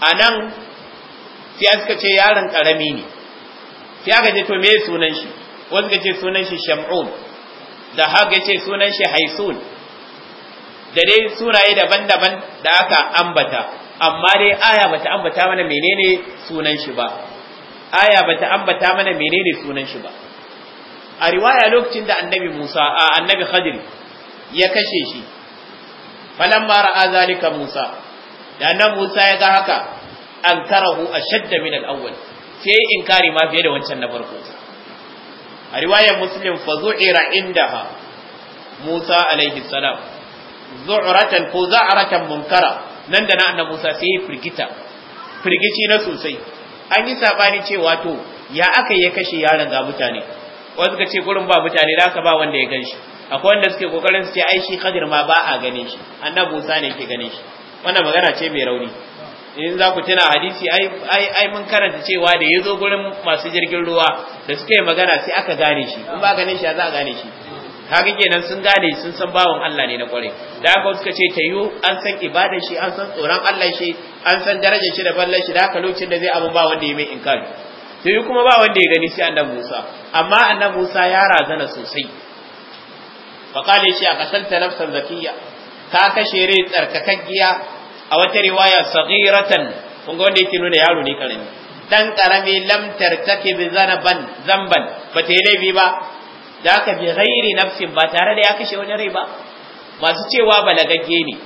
a nan sai suka ce yaron ƙarami ne sai aka ce to me sunan shi wasu ka ce sunan shi sham'un da haka ce sunan shi haisun da dai sunaye daban-daban da aka ambata amma dai aya bata ambata mana menene sunan shi ba aya bata ambata mana menene sunan shi ba a riwaya lokacin da annabi Musa a annabi Khadir ya kashe shi ma ra'a zalika Musa da annabi Musa ya ga haka karahu ashadda min al-awwal sai inkari ma fiye da wancan na farko a riwayar Muslim fa zu'ira indaha Musa alaihi salam zu'ratan ko za'ratan munkara nan da na annabi Musa sai firgita firgici na sosai an yi sabani cewa to ya aka ya kashe yaron ga mutane wasu suka ce gurin ba mutane da ka ba wanda ya gan shi akwai wanda suke kokarin su ce ai shi Khadir ma ba a ganin shi annabi Musa ne ke ganin shi wannan magana ce mai rauni in za ku tuna hadisi ai mun karanta cewa da ya zo gurin masu jirgin ruwa da suka yi magana sai aka gane shi in ba ganin shi za a gane shi kaga kenan sun gane sun san bawan Allah ne na kware da aka suka ce tayu an san ibadar shi an san tsoron Allah shi an san darajar shi da ballar shi da haka lokacin da zai abun ba wanda ya mai inkari sai kuma ba wanda ya gani sai annabi Musa amma annabi Musa ya razana sosai fa kale shi a kasar nafsan zakiyya ta kashe rai tsarkakakkiya a wata riwaya saghiratan kun ga wanda yake nuna yaro ne karami dan karami lam take bi zanaban zamban ba ta yi laifi ba da ka bi ghairi nafsin ba tare da ya kashe wani rai ba masu cewa balagagge ne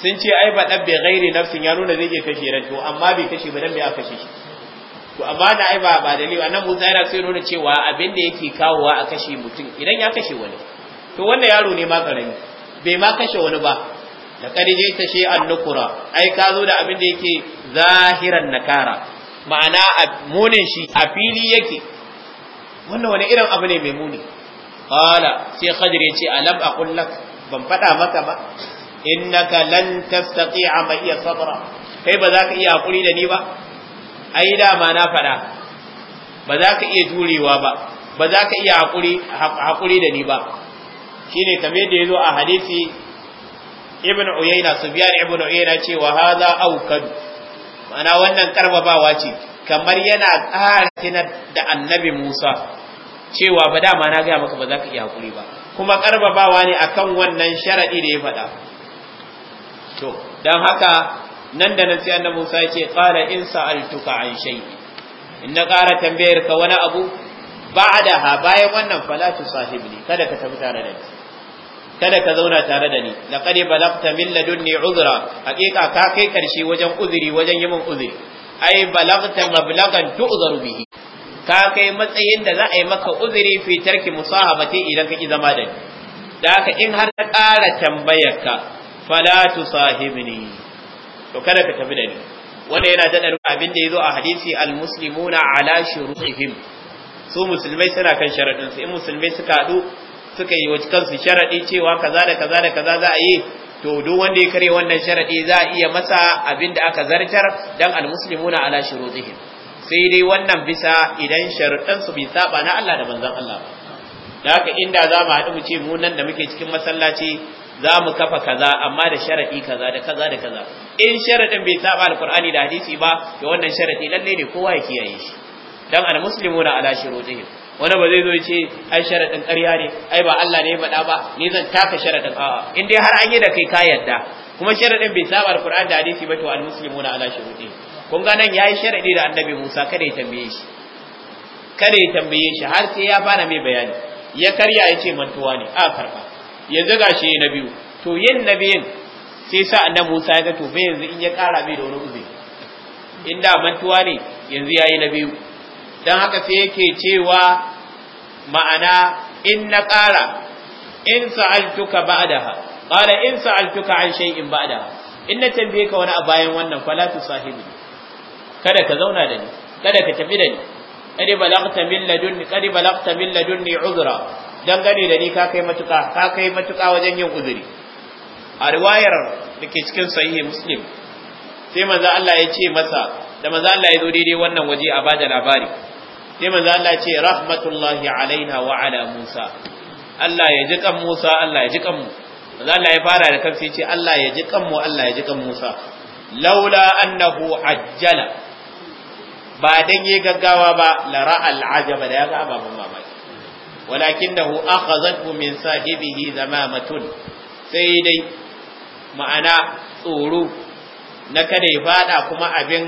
sun ce ai ba dan bi ghairi nafsin ya nuna zai iya kashe rai amma bai kashe ba dan bai aka kashe shi to amma da ai ba ba dalili annabi Musa yana so ya nuna cewa abin da yake kawowa a kashe mutum idan ya kashe wani to wannan yaro ne ma karami bai ma kashe wani ba da karje ta she an nukura ai ka zo da abin da yake zahiran nakara ma'ana munin shi a fili yake wannan wani irin abu ne mai muni qala sai khadir yace alam aqul lak ban faɗa maka ba innaka lan tastati'a ma iya sabra kai ba za ka iya hakuri da ni ba ai dama na faɗa ba za ka iya jurewa ba ba za ka iya haƙuri da ni ba shine kamar da ya zo a hadisi ibn uyayna sufyan ibn uyayna ce wa hadha awkad mana wannan karbabawa ce kamar yana ƙara da annabi Musa cewa ba dama na ga maka ba za ka iya haƙuri ba kuma karbabawa ne akan wannan sharaɗi da ya faɗa to don haka nan da nan sai annabi Musa ya ce qala in sa'altuka an shay in na ƙara tambayar ka wani abu ha bayan wannan fala tusahibni kada ka tafi tare da ni kada ka zauna tare da ni laqad balagta min ladunni udhra Hakika ka kai karshe wajen uzuri wajen yi min uzuri ai balagta mablagan tu'zaru bihi ka kai matsayin da za a yi maka uzuri fi tarki musahabati idan ka ki zama da ni da haka in har ka ƙara tambayar ka fala tusahibni to kada ka tafi da ni wannan yana da nuna abin da yazo a hadisi almuslimuna ala shuruhihim su musulmai suna kan sharadin su in musulmai suka hadu suka yi wajen kansu sharadi cewa kaza da kaza da kaza za a yi to duk wanda ya kare wannan sharadi za a iya masa abin da aka zartar dan almuslimuna ala shuruhihim sai dai wannan bisa idan sharadin su bai saba na Allah da manzon Allah ba da haka inda za mu haɗu mu ce mu nan da muke cikin masallaci za mu kafa kaza amma da sharaɗi kaza da kaza da kaza in sharadin bai saba alqur'ani da hadisi ba to wannan sharaɗi lalle ne kowa ya kiyaye shi dan na ala shurutihim wani ba zai zo ce ai sharadin ƙarya ne ai ba Allah ne ya faɗa ba ni zan taka sharadin a'a in dai har an yi da kai ka yarda kuma sharadin bai saba alqur'ani da hadisi ba to na ala shurutihim kun ga nan yayi sharadi da annabi Musa kada ya tambaye shi kada ya tambaye shi har sai ya fara mai bayani ya karya ya ce mantuwa ne a karba yanzu ga gashi na biyu to yin na biyun sai sa annabi Musa ya ga to bai yanzu in ya kara bai da wani uzuri in da mantuwa ne yanzu yayi na biyu dan haka sai yake cewa ma'ana in na kara in sa'altuka ba'daha qala in sa'altuka an shay'in ba'daha in na tambaye ka wani a bayan wannan fala tusahibi kada ka zauna da ni kada ka tafi da ni Kadi balagta min ladunni qad balagta min ladunni uzra dangane da ni ka kai matuƙa ka kai matuƙa wajen yin uzuri a riwayar da ke cikin sahihi muslim sai manzo Allah ya ce masa da manzo Allah ya zo daidai wannan waje a bada labari sai manzo Allah ya ce rahmatullahi alaina wa ala Musa Allah ya ji kan Musa Allah ya ji kan mu manzo Allah ya fara da kansa ya ce Allah ya ji kan mu Allah ya ji kan Musa laula annahu ajjala ba dan yi gaggawa ba la ra'al ajaba da ya ga babban mamaki walakinahu akhazathu min sahibihi zamamatun sai dai ma'ana tsoro na kada ya faɗa kuma abin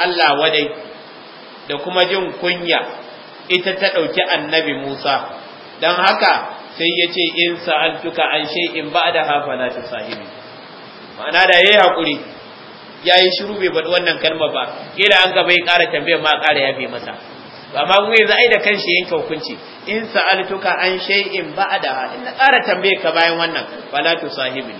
Allah wadai da kuma jin kunya ita ta ɗauki annabi Musa dan haka sai ya ce in sa'altuka an shay'in ba'da hafa na ta sahibi ma'ana da yayi hakuri yayi shiru bai bada wannan kalma ba kila an gaba ya ƙara tambayar ma ƙara yafe masa amma mu yanzu ai da kanshi yanke hukunci in sa'altuka an shay'in ba'da in na ƙara tambaye ka bayan wannan wala tu sahibi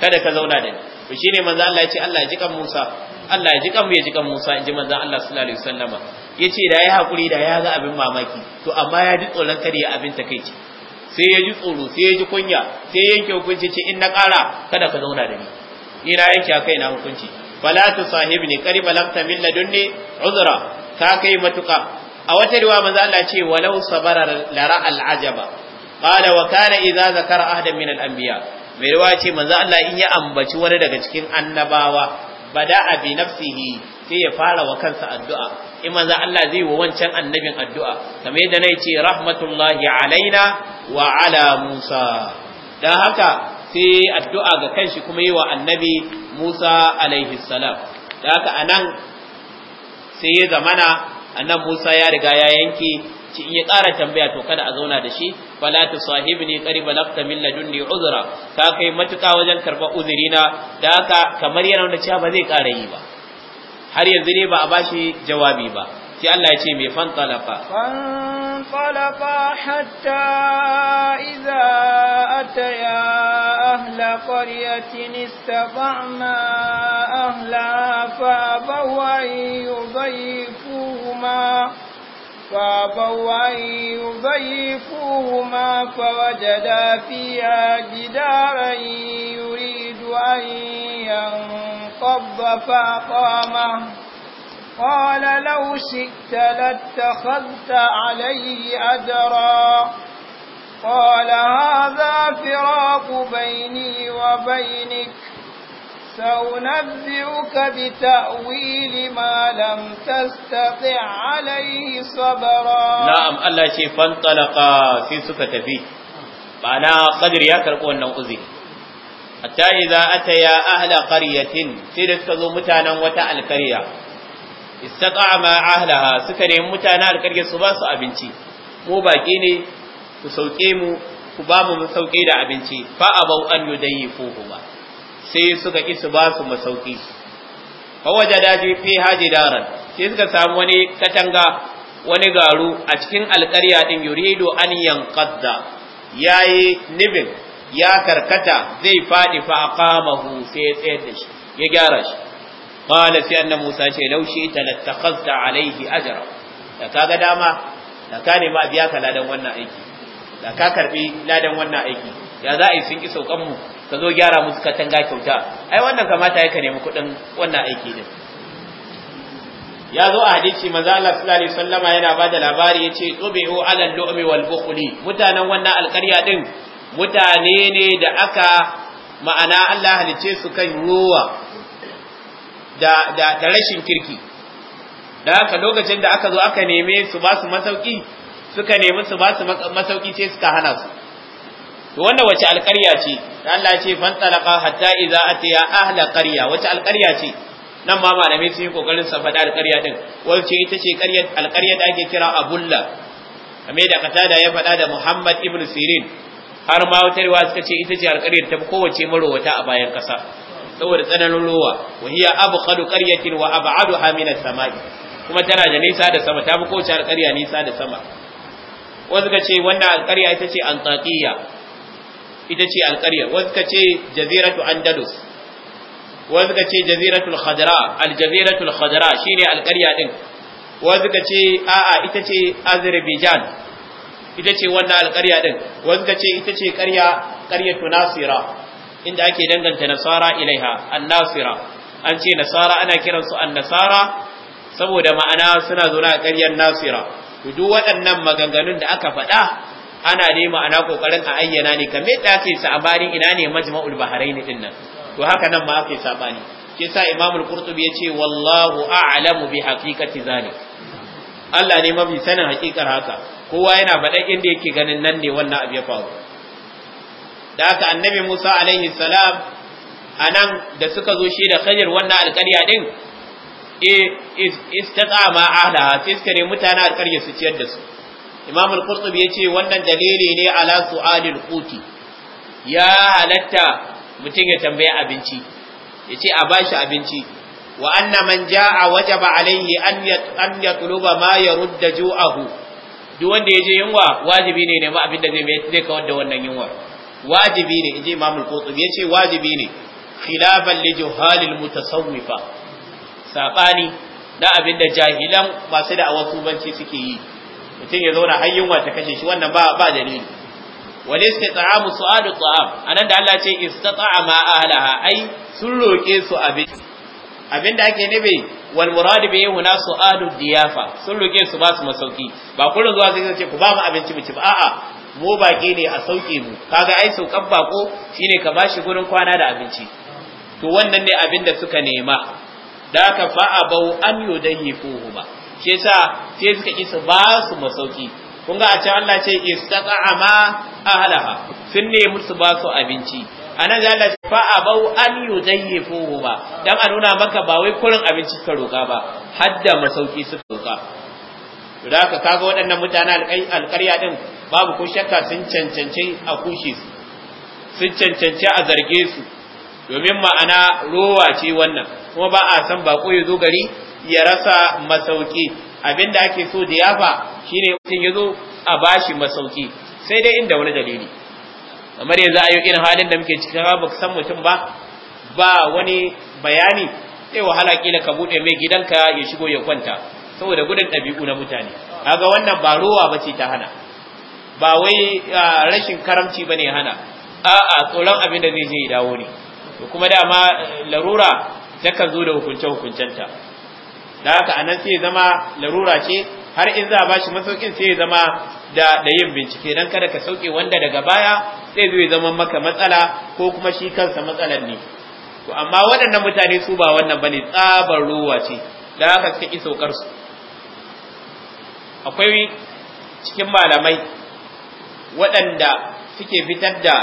kada ka zauna da ni to shine manzo Allah ya ce Allah ya ji kan Musa Allah ya ji kan mu ya ji kan Musa in ji manzo Allah sallallahu alaihi wasallama yace da yayi hakuri da ya ga abin mamaki to amma ya ji tsoron kare abin ta ce sai ya ji tsoro sai ya ji kunya sai yanke hukunci ce in na ƙara kada ka zauna da ni Ina yanke kai na hukunci fala tu sahibni qariba lam tamilla dunni uzra ka kai matuka a wata riwa manzo Allah ce walau sabara lara al'ajaba qala wa kana idza zakara ahadan min al-anbiya mai riwa ce manzo Allah in ya ambaci wani daga cikin annabawa bada'a bi nafsihi sai ya fara wa kansa addu'a in manzo Allah zai wa wancan annabin addu'a kamar yadda nayi ce rahmatullahi alaina wa ala Musa dan haka sai addu'a ga kanshi kuma yi wa annabi Musa alaihi salam dan haka anan sai ya zamana annan Musa ya riga ya yanke ci in ya ƙara tambaya to kada a zauna da shi fala tu sahibni qariba lafta min ladunni uzra ka kai matuƙa wajen karɓar na da haka kamar yana wanda cewa ba zai ƙara yi ba har yanzu ne ba a bashi jawabi ba sai Allah ya ce mai fantalafa fantalafa hatta idza ataya ahla qaryatin istafa'na ahla fa bawa yudayfuhuma فأبوا أن يضيفوهما فوجدا فيها جدارا يريد أن ينقض فأقامه قال لو شئت لاتخذت عليه أجرا قال هذا فراق بيني وبينك سأنبئك بتأويل ما لم تستطع عليه صبرا نعم الله شيء فانطلقا في سكة فيه معنى قدر يا كرقون نوزي حتى إذا أتيا أهل قرية سيرت كذو متانا وتأل قرية istata'ama ahlaha suka nemi mutane alƙarya su ba su abinci mu baƙi ne ku sauke mu ku ba mu sauke da abinci fa abau an sai suka ki su ba su masauki fa wajada fi daran, sai suka samu wani katanga wani garu a cikin alƙarya din yurido an yanqadda yayi nibin ya karkata zai fadi fa aqamahu sai ya tsayar da shi ya gyara shi qala sai annabi Musa ce laushi ita latakhazta alaihi ajra da kaga dama da ka ne ma biya ka ladan wannan aiki da ka karbi ladan wannan aiki ya za a sun ki saukan mu ka zo gyara musu katanga kyauta ai wannan kamata ya ka nemi kuɗin wannan aiki din ya zo a hadisi manzo Allah sallallahu alaihi wasallama yana bada labari yace tubihu ala al-lu'mi wal bukhli mutanen wannan alƙarya din mutane ne da aka ma'ana Allah halice su kan ruwa da rashin kirki da haka lokacin da aka zo aka neme su ba su masauki suka nemi su ba su masauki sai suka hana su to wannan wace alƙarya ce Allah ce fan talaqa hatta idza atiya ahla qarya wace alƙarya ce nan ma malamai sun yi kokarin sa faɗa alƙarya din wace ita ce ƙaryar alƙarya da ake kira abulla kamar da katada ya faɗa da Muhammad ibn Sirin har ma wata riwaya suka ce ita ce alƙaryar ta kowace marowata a bayan ƙasa saboda tsananin ruwa wa hiya abqadu qaryatin wa ab'aduha min as-sama'i kuma tana da nisa da sama ta fi kowace alƙarya nisa da sama wasu ka ce wannan alƙarya ita ce antakiya ita ce alƙaryar wasu ka ce jaziratu andalus wasu ka ce jaziratul khadra aljaziratul khadra shine alƙarya din wasu ka ce a'a ita ce azerbaijan ita ce wannan alƙarya din wasu ka ce ita ce ƙarya ƙaryatu nasira inda ake danganta nasara ilaiha annasira an ce nasara ana kiransu annasara saboda ma'ana suna zaune a ƙaryar nasira to duk waɗannan maganganun da aka faɗa ana ne ma'ana kokarin a ayyana ne kamar yadda ake sabanin ina ne majma'ul bahrain din nan to haka nan ma ake sabani Ke sa imam al-qurtubi yace wallahu a'lamu bi haqiqati zalik Allah ne mafi sanin haƙiƙar haka kowa yana faɗa inda yake ganin nan ne wannan abu ya faru da haka annabi Musa alaihi salam nan da suka zo shi da Khadir wannan alƙarya din eh, istatama ahla sai suka ne alƙarya su ciyar da su Imam al-Qurtubi yace wannan dalili ne ala su'alil quti ya halatta mutum ya tambaye abinci yace a bashi abinci wa anna man jaa wajaba alaihi an yatluba ma yarudda ju'ahu duk wanda yaje yunwa wajibi ne ne ma abin da zai zai kawar da wannan yunwa wajibi ne inji imam al-qurtubi yace wajibi ne khilafan li al mutasawwifa sabani da abinda jahilan masu da awasu banci suke yi mutum ya zauna har yunwa ta kashe shi wannan ba ba dalili wal istita'amu su'adu ta'am anan da Allah ce istata'a ma ahlaha ai sun roke su abin abinda ake nabi wal murad bi huna su'adu diyafa sun roke su ba su masauki ba kullun zuwa sai ce ku ba mu abinci mu ci ba a'a mu baƙi ne a sauke mu kaga ai saukan bako shine ka bashi gurin kwana da abinci to wannan ne abin da suka nema da aka abau an yudahifuhuma shi yasa sai suka isa ba su masauki kun ga a can Allah ce ama ahlaha sun nemi su ba su abinci anan da Allah abau an yudahifuhuma dan a nuna maka ba wai kurin abinci suka roka ba hadda masauki suka roka to da ka kaga waɗannan mutanen alƙarya ɗin, babu ko shakka sun cancanci a kushe su sun cancanci a zarge su domin ma'ana rowa ce wannan kuma ba a san ba ya zo gari ya rasa masauki abinda ake so da yafa shine mutum ya zo a bashi masauki sai dai inda wani dalili kamar yanzu a yi irin halin da muke cikin ba san mutum ba ba wani bayani sai wahala kila ka bude mai gidanka ya shigo ya kwanta saboda gudun ɗabi'u na mutane kaga wannan ba rowa bace ta hana ba wai rashin karamci ba ne hana a'a tsoron abin da zai je dawo ne to kuma dama eh, larura takan zo da hukunce hukuncenta da haka anan sai zama larura ce har in za a bashi masaukin sai zama da yin bincike don kada ka sauke wanda daga baya sai zai zama maka matsala ko kuma shi kansa matsalar ne to amma waɗannan mutane su ba wannan bane tsabar ruwa ce da haka suka ƙi saukar su akwai cikin malamai waɗanda suke fitar da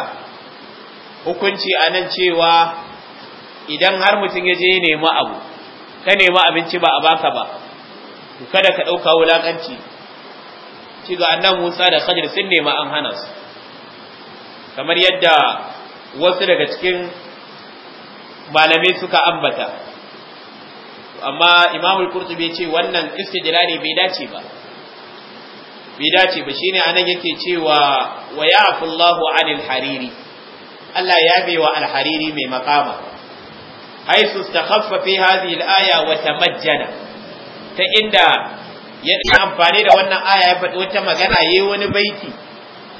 hukunci a nan cewa idan har mutum ya je nema abu ka nema abinci ba a baka ba kada ka ɗauka wulaƙanci ci ga annan musa da khadir sun nema an hana su kamar yadda wasu daga cikin malamai suka ambata amma imamul qurtubi ya ce wannan istijirari bai dace ba bai dace ba shine anan yake cewa wa Allahu anil hariri Allah ya bai wa alhariri mai makama haisu stakhaffa fi hadhihi al-aya wa tamajjana ta inda ya amfani da wannan aya ya faɗi wata magana yayi wani baiti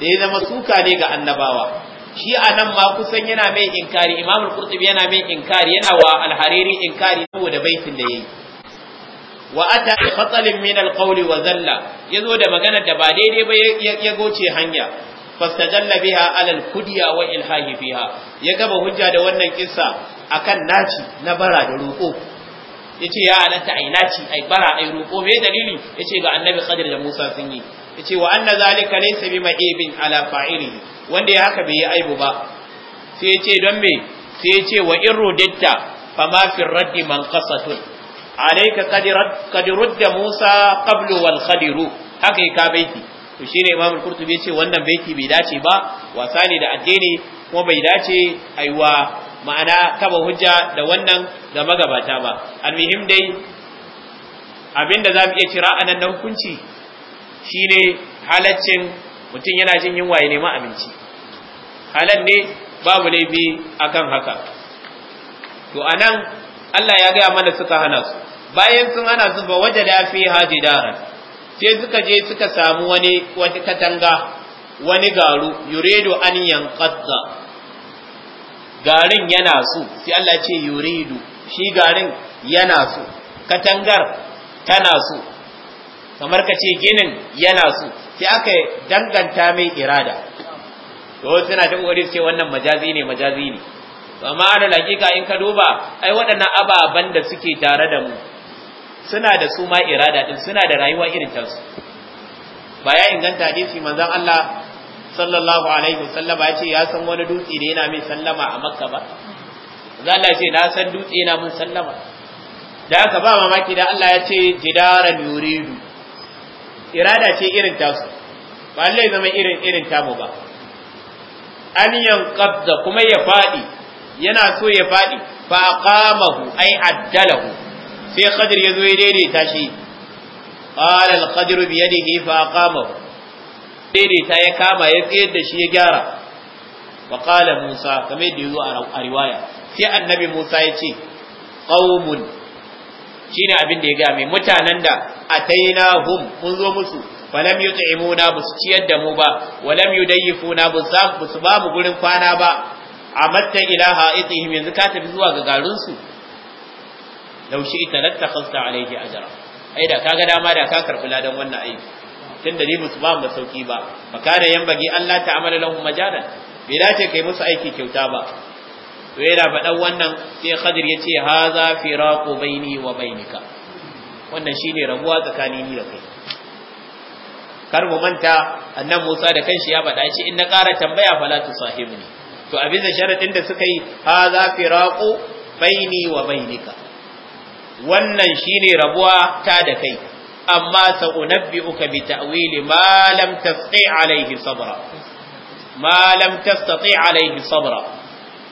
da ya zama suka ne ga annabawa shi anan ma kusan yana mai inkari imam al-qurtubi yana mai inkari yana wa al-hariri inkari saboda baitin da yayi wa ata bi khatalin min alqawli wa zalla yazo da magana da ba daidai ba ya goce hanya fastajalla biha ala alkudiya wa ilhahi fiha ya gaba hujja da wannan kissa akan naci na bara da roko yace ya alanta ai naci ai bara ai roko me dalili yace ga annabi khadir da musa sun yi yace wa anna zalika laysa bi ma'ibin ala fa'ilihi wanda ya haka bai yi aibu ba sai yace don me sai yace wa irruditta fama fi raddi man qasatu alayka qad da Musa qablu wal khadiru haka ka baiti to shine Imam al-Qurtubi ce wannan baiti bai dace ba wasa ne da addini kuma bai dace aiwa ma'ana kaba hujja da wannan da magabata ba almuhim dai abinda zamu iya kira anan nan hukunci shine halaccin mutum yana jin yunwa ya nema aminci. halan ne babu laifi akan haka to anan Allah ya gaya mana suka hana su bayan sun hana zuba waje da fi sai suka je suka samu wani wata katanga wani garu yuredo an yanqadda garin yana so sai Allah ce yuredo shi garin yana so katangar tana so kamar ka ce ginin yana so sai aka danganta mai irada to suna ta kokari ce wannan majazi ne majazi ne amma da hakika in ka duba ai waɗannan ababen da suke tare da mu suna da su ma irada din suna da rayuwa irin su ba ya inganta hadisi manzon Allah sallallahu alaihi wasallam ya ce ya san wani dutse da yana mai sallama a Makka ba manzon Allah ce na san dutse yana mun sallama da haka ba mamaki da Allah ya ce jidaran yuridu irada ce irin su ba Allah ya zama irin irin tamu ba an yanqabda kuma ya fadi yana so ya fadi fa qamahu ay addalahu sai khadir ya zo ya daidaita shi qala al khadir bi yadihi fa aqamahu daidaita ya kama ya tsayar da shi ya gyara wa qala musa kamar da yazo a riwaya sai annabi musa ya ce qaumun shine abin da ya ga mai mutanen da hum mun zo musu falam yut'imuna bus ciyar da mu ba walam yudayyifuna bus ba mu gurin kwana ba amatta ilaha itihim yanzu ka tafi zuwa ga garin su law shi'ta lattakhasta alayhi ajra ai da kaga dama da ka karbi ladan wannan aiki tunda ni musu ba mu sauki ba fa kana yambagi Allah ta'amala lahum majalan bai dace kai musu aiki kyauta ba to yana faɗan wannan sai Khadir ya ce haza firaqu baini wa bainika wannan shine rabuwa tsakanin ni da kai kar mu manta annan Musa da kanshi ya faɗa shi in na ƙara tambaya fala ne. to abin da sharadin da suka yi haza firaqu baini wa bainika wannan shine rabuwa ta da kai amma uka bi ta'wili ma lam tastati alayhi sabra ma lam tastati alayhi sabra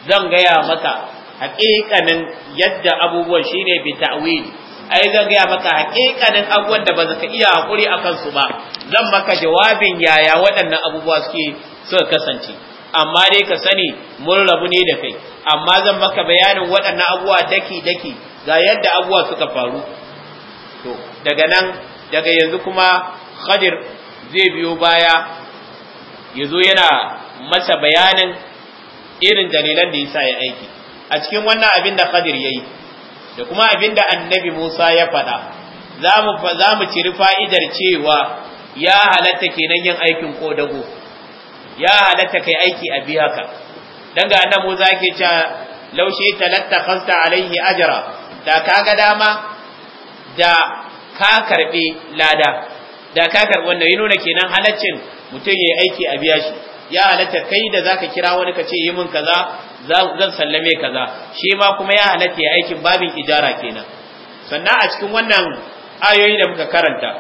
zan gaya maka haƙiƙanin yadda abubuwan shine bi ta'wili ai zan gaya maka haƙiƙanin abubuwan da ba iya haƙuri a kansu ba zan maka jawabin yaya waɗannan abubuwa suke suka kasance amma dai ka sani mun rabu ne da kai amma zan maka bayanin waɗannan abubuwa daki daki ga yadda abuwa suka faru to daga nan daga yanzu kuma khadir zai biyo baya yazo yana masa bayanin irin dalilan da yasa ya aiki a cikin wannan abin da khadir ya yi da kuma abin da annabi musa ya faɗa za mu ciri fa'idar cewa ya halatta kenan yin aikin kodago ya halatta kai aiki a biya ka dan ga annabi Musa yake cewa laushe talatta khasta alaihi ajra da ka ga dama da ka karɓi lada da ka karɓi wannan yi nuna kenan halaccin mutum ya yi aiki a biya shi ya halatta kai da zaka kira wani ka ce yi min kaza zan sallame kaza shi ma kuma ya halatta ya aikin babin ijara kenan sannan a cikin wannan ayoyi da muka karanta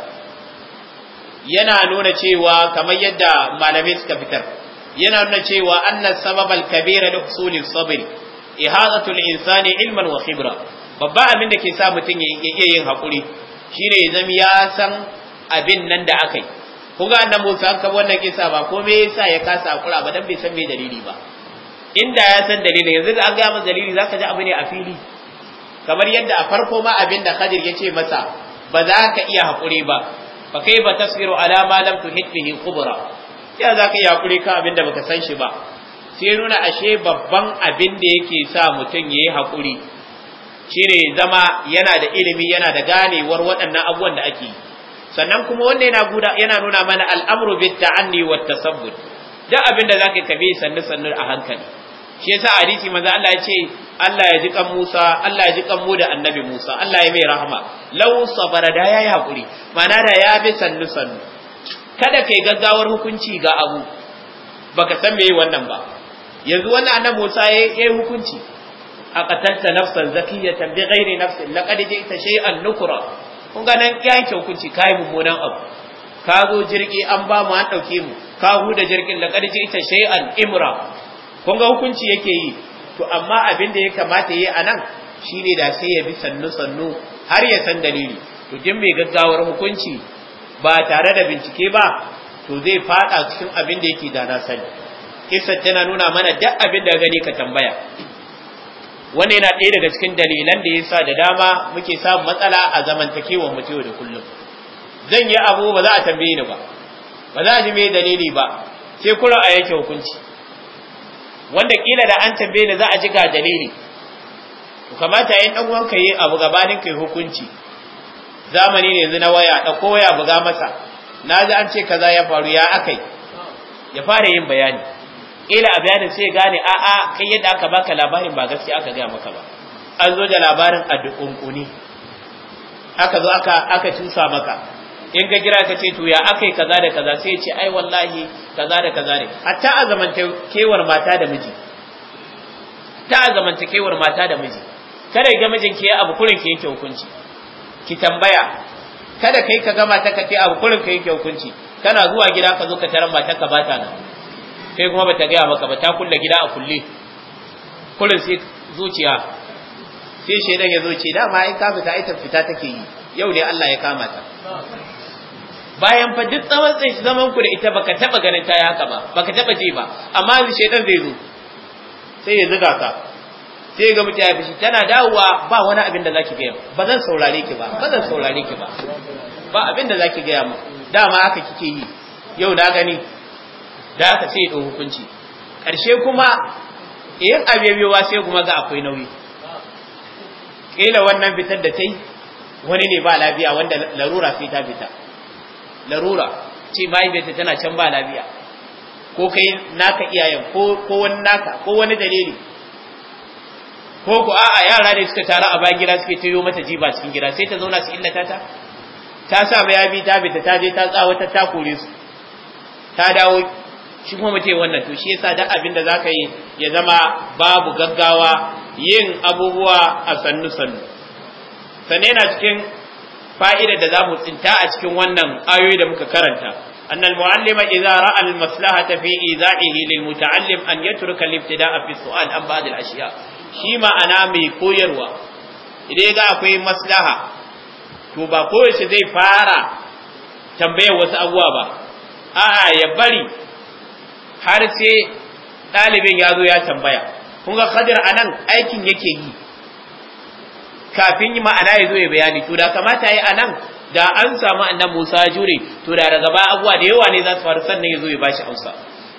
yana nuna cewa kamar yadda malamai suka fitar yana nuna cewa anna sababal kabira da usulin sabr ihadatul insani ilman wa khibra babban abin da ke sa mutum ya iya yin haƙuri shine ya zama ya san abin nan da aka yi Ku ga annabi Musa an kaba wannan kisa ba ko me yasa ya kasa hakura ba dan bai san me dalili ba inda ya san dalili yanzu da an ga masa dalili zaka ji abu ne a fili kamar yadda a farko ma abin da Khadir ya ce masa ba za ka iya hakuri ba fa kaifa tasiru ala ma lam tuhit bihi kubra ya za ka iya hakuri kan abin da baka san shi ba sai nuna ashe babban abin da yake sa mutum yayi hakuri shine zama yana da ilimi yana da ganewar waɗannan abubuwan da ake yi sannan kuma wannan yana guda yana nuna mana al'amru bit ta'anni wat tasabbut da abin da zaka kabe sannu sannu a hankali shi yasa hadisi manzo Allah ya ce Allah ya ji kan Musa Allah ya ji kan mu da annabi Musa Allah ya mai rahama law sabara da yayi hakuri mana da ya bi sannu sannu kada kai gaggawar hukunci ga abu baka san yi wannan ba yanzu wannan annabi Musa yayi hukunci أقتلت نفسا زكية بغير نفس لقد جئت شيئا nukra kun ga nan yanke hukunci kai mummunan abu ka zo jirgi an ba mu an dauke mu ka huda jirgin laqad ita shay'an imra kun ga hukunci yake yi to amma abin da ya kamata yi a anan shine da sai ya bi sannu sannu har ya san dalili to din mai gaggawar hukunci ba tare da bincike ba to zai fada cikin abin da yake da na sani Kisa tana nuna mana duk abin da gani ka tambaya wanda yana ɗaya daga cikin dalilan da yasa da dama muke samun matsala a zamantakewar mu da kullum zan yi abu ba za a tambaye ni ba ba za a ji me dalili ba sai kura a yake hukunci wanda kila da an tambaye ni za a ji ga dalili to kamata yayin dan ka yi abu gabanin kai hukunci zamani ne yanzu na waya da koya buga masa na ji an ce kaza ya faru ya akai ya fara yin bayani kila a bayanin sai gane a a kai yadda aka baka labarin ba gaskiya aka gaya maka ba an zo da labarin a dukunkuni aka zo aka aka cusa maka in ka kira ka ce to ya akai kaza da kaza sai ya ce ai wallahi kaza da kaza ne hatta a zamantakewar mata da miji ta a zamantakewar mata da miji kada ga mijin ke abu kurin ke yake hukunci ki tambaya kada kai ka gama ta kace abu kurin ka yake hukunci kana zuwa gida ka zo ka tarar mata ka bata nan kai kuma bata gaya maka ba ta kulle gida a kulle kullun sai zuciya sai shedan ya zuci dama ai ka fita ita fita take yi yau ne Allah ya kama ta bayan fa duk tsawon tsaye zaman ku da ita baka taba ganin ta haka ba baka taba ji ba amma shedan zai zo sai ya zuga ka sai ga mutaya ya fishi tana dawowa ba wani abin da zaki gaya ba zan saurare ki ba ba zan saurare ki ba ba abin da zaki gaya mu dama haka kike yi yau na gani da aka sai ɗin hukunci ƙarshe kuma yin abebewa sai kuma ga akwai nauyi ƙila wannan fitar da ta yi wani ne ba lafiya wanda larura sai ta fita larura ce ta tana can ba lafiya ko kai naka iyayen ko wani naka ko wani dalili ko ku a'a yara ne suka taru a bayan gida suke tayo mata jiba cikin gida sai ta zauna su illata ta ta sa abi ta fita ta je ta tsawata ta kore su ta dawo shi kuma mutai wannan to shi yasa duk abin da za ka yi ya zama babu gaggawa yin abubuwa a sannu sannu sannan yana cikin fa'ida da zamu tsinta a cikin wannan ayoyi da muka karanta أن المعلم إذا رأى المصلحة في إيذائه للمتعلم أن يترك الابتداء في السؤال عن بعض الأشياء شيما أنا مي كويروا إذا akwai maslaha. to ba koyaushe zai fara tambayar wasu abubuwa ba a'a ya bari har sai ɗalibin ya zo ya tambaya kun ga khadir a nan aikin yake yi kafin yi ma'ana ya zo ya bayani to da kamata ya a nan da an samu annan musa jure to da daga ba abuwa da yawa ne za su faru sannan ya zo ya bashi ausa.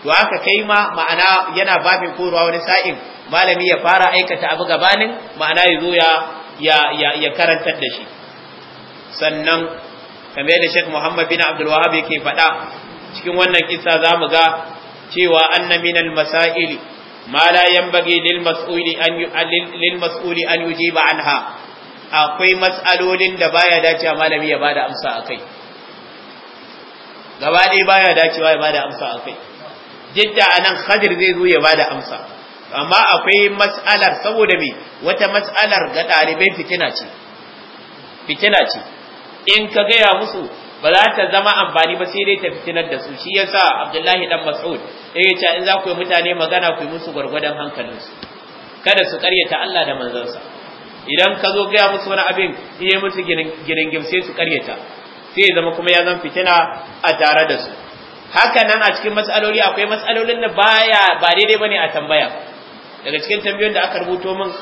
to haka kai ma ma'ana yana babin koruwa wani sa'in malami ya fara aikata abu gabanin ma'ana ya zo ya karantar da shi sannan kamar yadda Sheikh Muhammad bin Abdul Wahhab yake faɗa cikin wannan kisa za mu ga cewa anna min al-masail ma la yanbaghi lil mas'uli an lil mas'uli an yujiba anha akwai matsalolin da baya dacewa malami ya bada amsa akai gaba ɗaya baya dacewa ya bada amsa akai jidda anan khadir zai zo ya bada amsa amma akwai mas'alar saboda me wata mas'alar ga ɗalibai fitina ce fitina ce in ka gaya musu ba za ta zama amfani ba sai dai ta fitinar da su shi yasa Abdullahi dan Mas'ud yake cewa in za ku yi mutane magana ku yi musu gwargwadon su. kada su karyata Allah da manzansa idan ka zo gaya musu wani abin iya musu giringim sai su karyata sai ya zama kuma ya zama fitina a tare da su haka nan a cikin matsaloli akwai matsalolin da baya ba daidai bane a tambaya daga cikin tambayoyin da aka rubuto min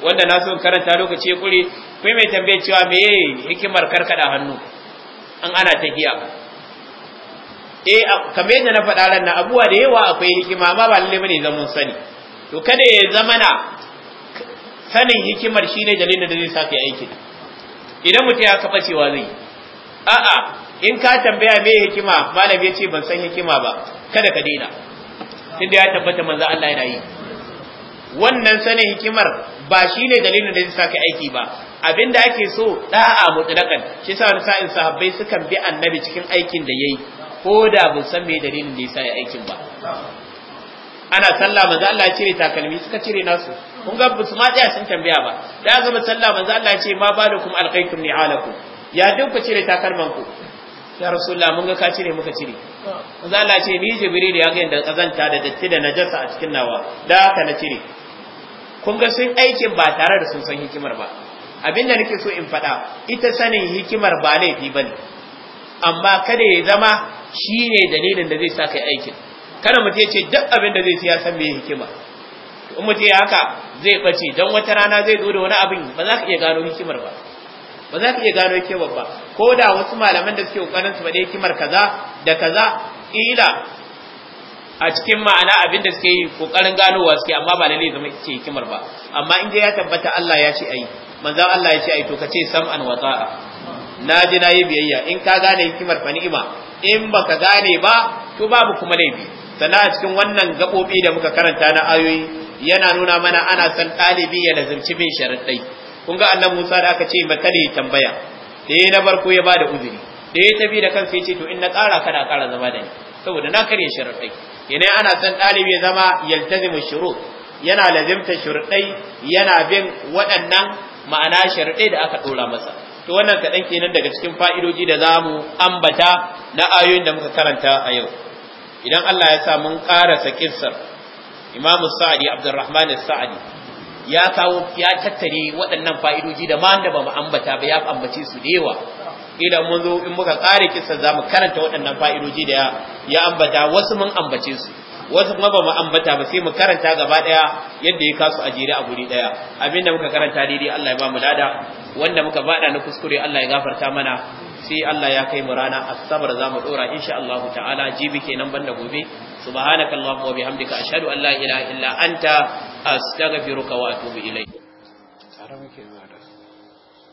wanda na so karanta lokaci ya kure kai mai tambayar cewa meye hikimar karkada hannu an ana tahiya eh kamar yadda na faɗa ran nan abuwa da yawa akwai hikima amma ba lalle bane zaman sani to kada ya zama na sanin hikimar shine dalilin da zai sa aiki aikin idan mutum ya kafa cewa zai a'a in ka tambaya me hikima malam ya ce ban san hikima ba kada ka daina tunda ya tabbata manzo Allah yana yi wannan sanin hikimar ba shi ne dalilin da zai saka aiki ba abinda ake so da'a mutlaqan shi yasa wani sa'in sahabbai sukan bi annabi cikin aikin da yayi ko da ban san me dalilin da yasa ya aikin ba ana sallah manzo Allah ya cire takalmi suka cire nasu kun ga su ma tsaya sun tambaya ba da aka gama sallah manzo Allah ya ce ma balukum alqaytum ni'alakum ya duk ku cire takalman ku ya rasulullah mun ga ka cire muka cire manzo Allah ce ni jibril ya ga inda kazanta da datti da najasa a cikin nawa da haka na cire kun ga sun aikin ba tare da sun san hikimar ba abin abinda nake so in faɗa ita sanin hikimar ba laifi ne, amma kada ya zama shi ne dalilin da zai sa kai aikin kada mutu ya ce duk abin da zai ya san me hikima in mu ya haka zai bace don wata rana zai zo da wani abin ba za ka iya gano hikimar ba ba za ka iya gano hikimar ba ko da wasu malaman da suke kokarin su faɗi hikimar kaza da kaza ila a cikin ma'ana abin da suke yi kokarin wa suke amma ba lalle zama ce hikimar ba amma in ya tabbata Allah ya ce ayi manzon Allah ya ce ayi to kace sam'an wa ta'a na ji na yi biyayya in ka gane hikimar fa ni'ima in baka gane ba to babu kuma laifi sannan a cikin wannan gabobi da muka karanta na ayoyi yana nuna mana ana san ɗalibi ya lazimci bin sharaɗai kun ga Allah Musa da aka ce ne tambaya da na barko ya bada uzuri da ya tafi da kansa ya ce to in na ƙara kana kara zama da ni saboda na karya sharaɗai ina ana san ɗalibi ya zama yaltazimu shurut yana lazimta sharuɗai yana bin waɗannan ma'ana sharaɗai da aka ɗora masa to wannan kaɗan kenan daga cikin fa'idoji da za mu ambata na ayoyin da muka karanta a yau idan Allah ya sa mun ƙarasa kissar Imam sa'adi abdurrahman sa'adi ya kawo ya tattare waɗannan fa'idoji da ma da ba mu ambata ba ya ambace su da yawa Idan mun zo in muka kare za zamu karanta waɗannan fa'idodi da ya ambata wasu mun ambace su wasu kuma ba mu ambata ba sai mu karanta gaba ɗaya yadda ya kasu a jere a guri daya da muka karanta daidai Allah ya ba mu lada wanda muka bada na kuskure Allah ya gafarta mana sai Allah ya kai mu rana asabar za mu ɗora, insha Allah ta'ala jibi kenan banda gobe subhanakallahumma wa bihamdika ashhadu an la ilaha illa anta astaghfiruka wa atubu ilayk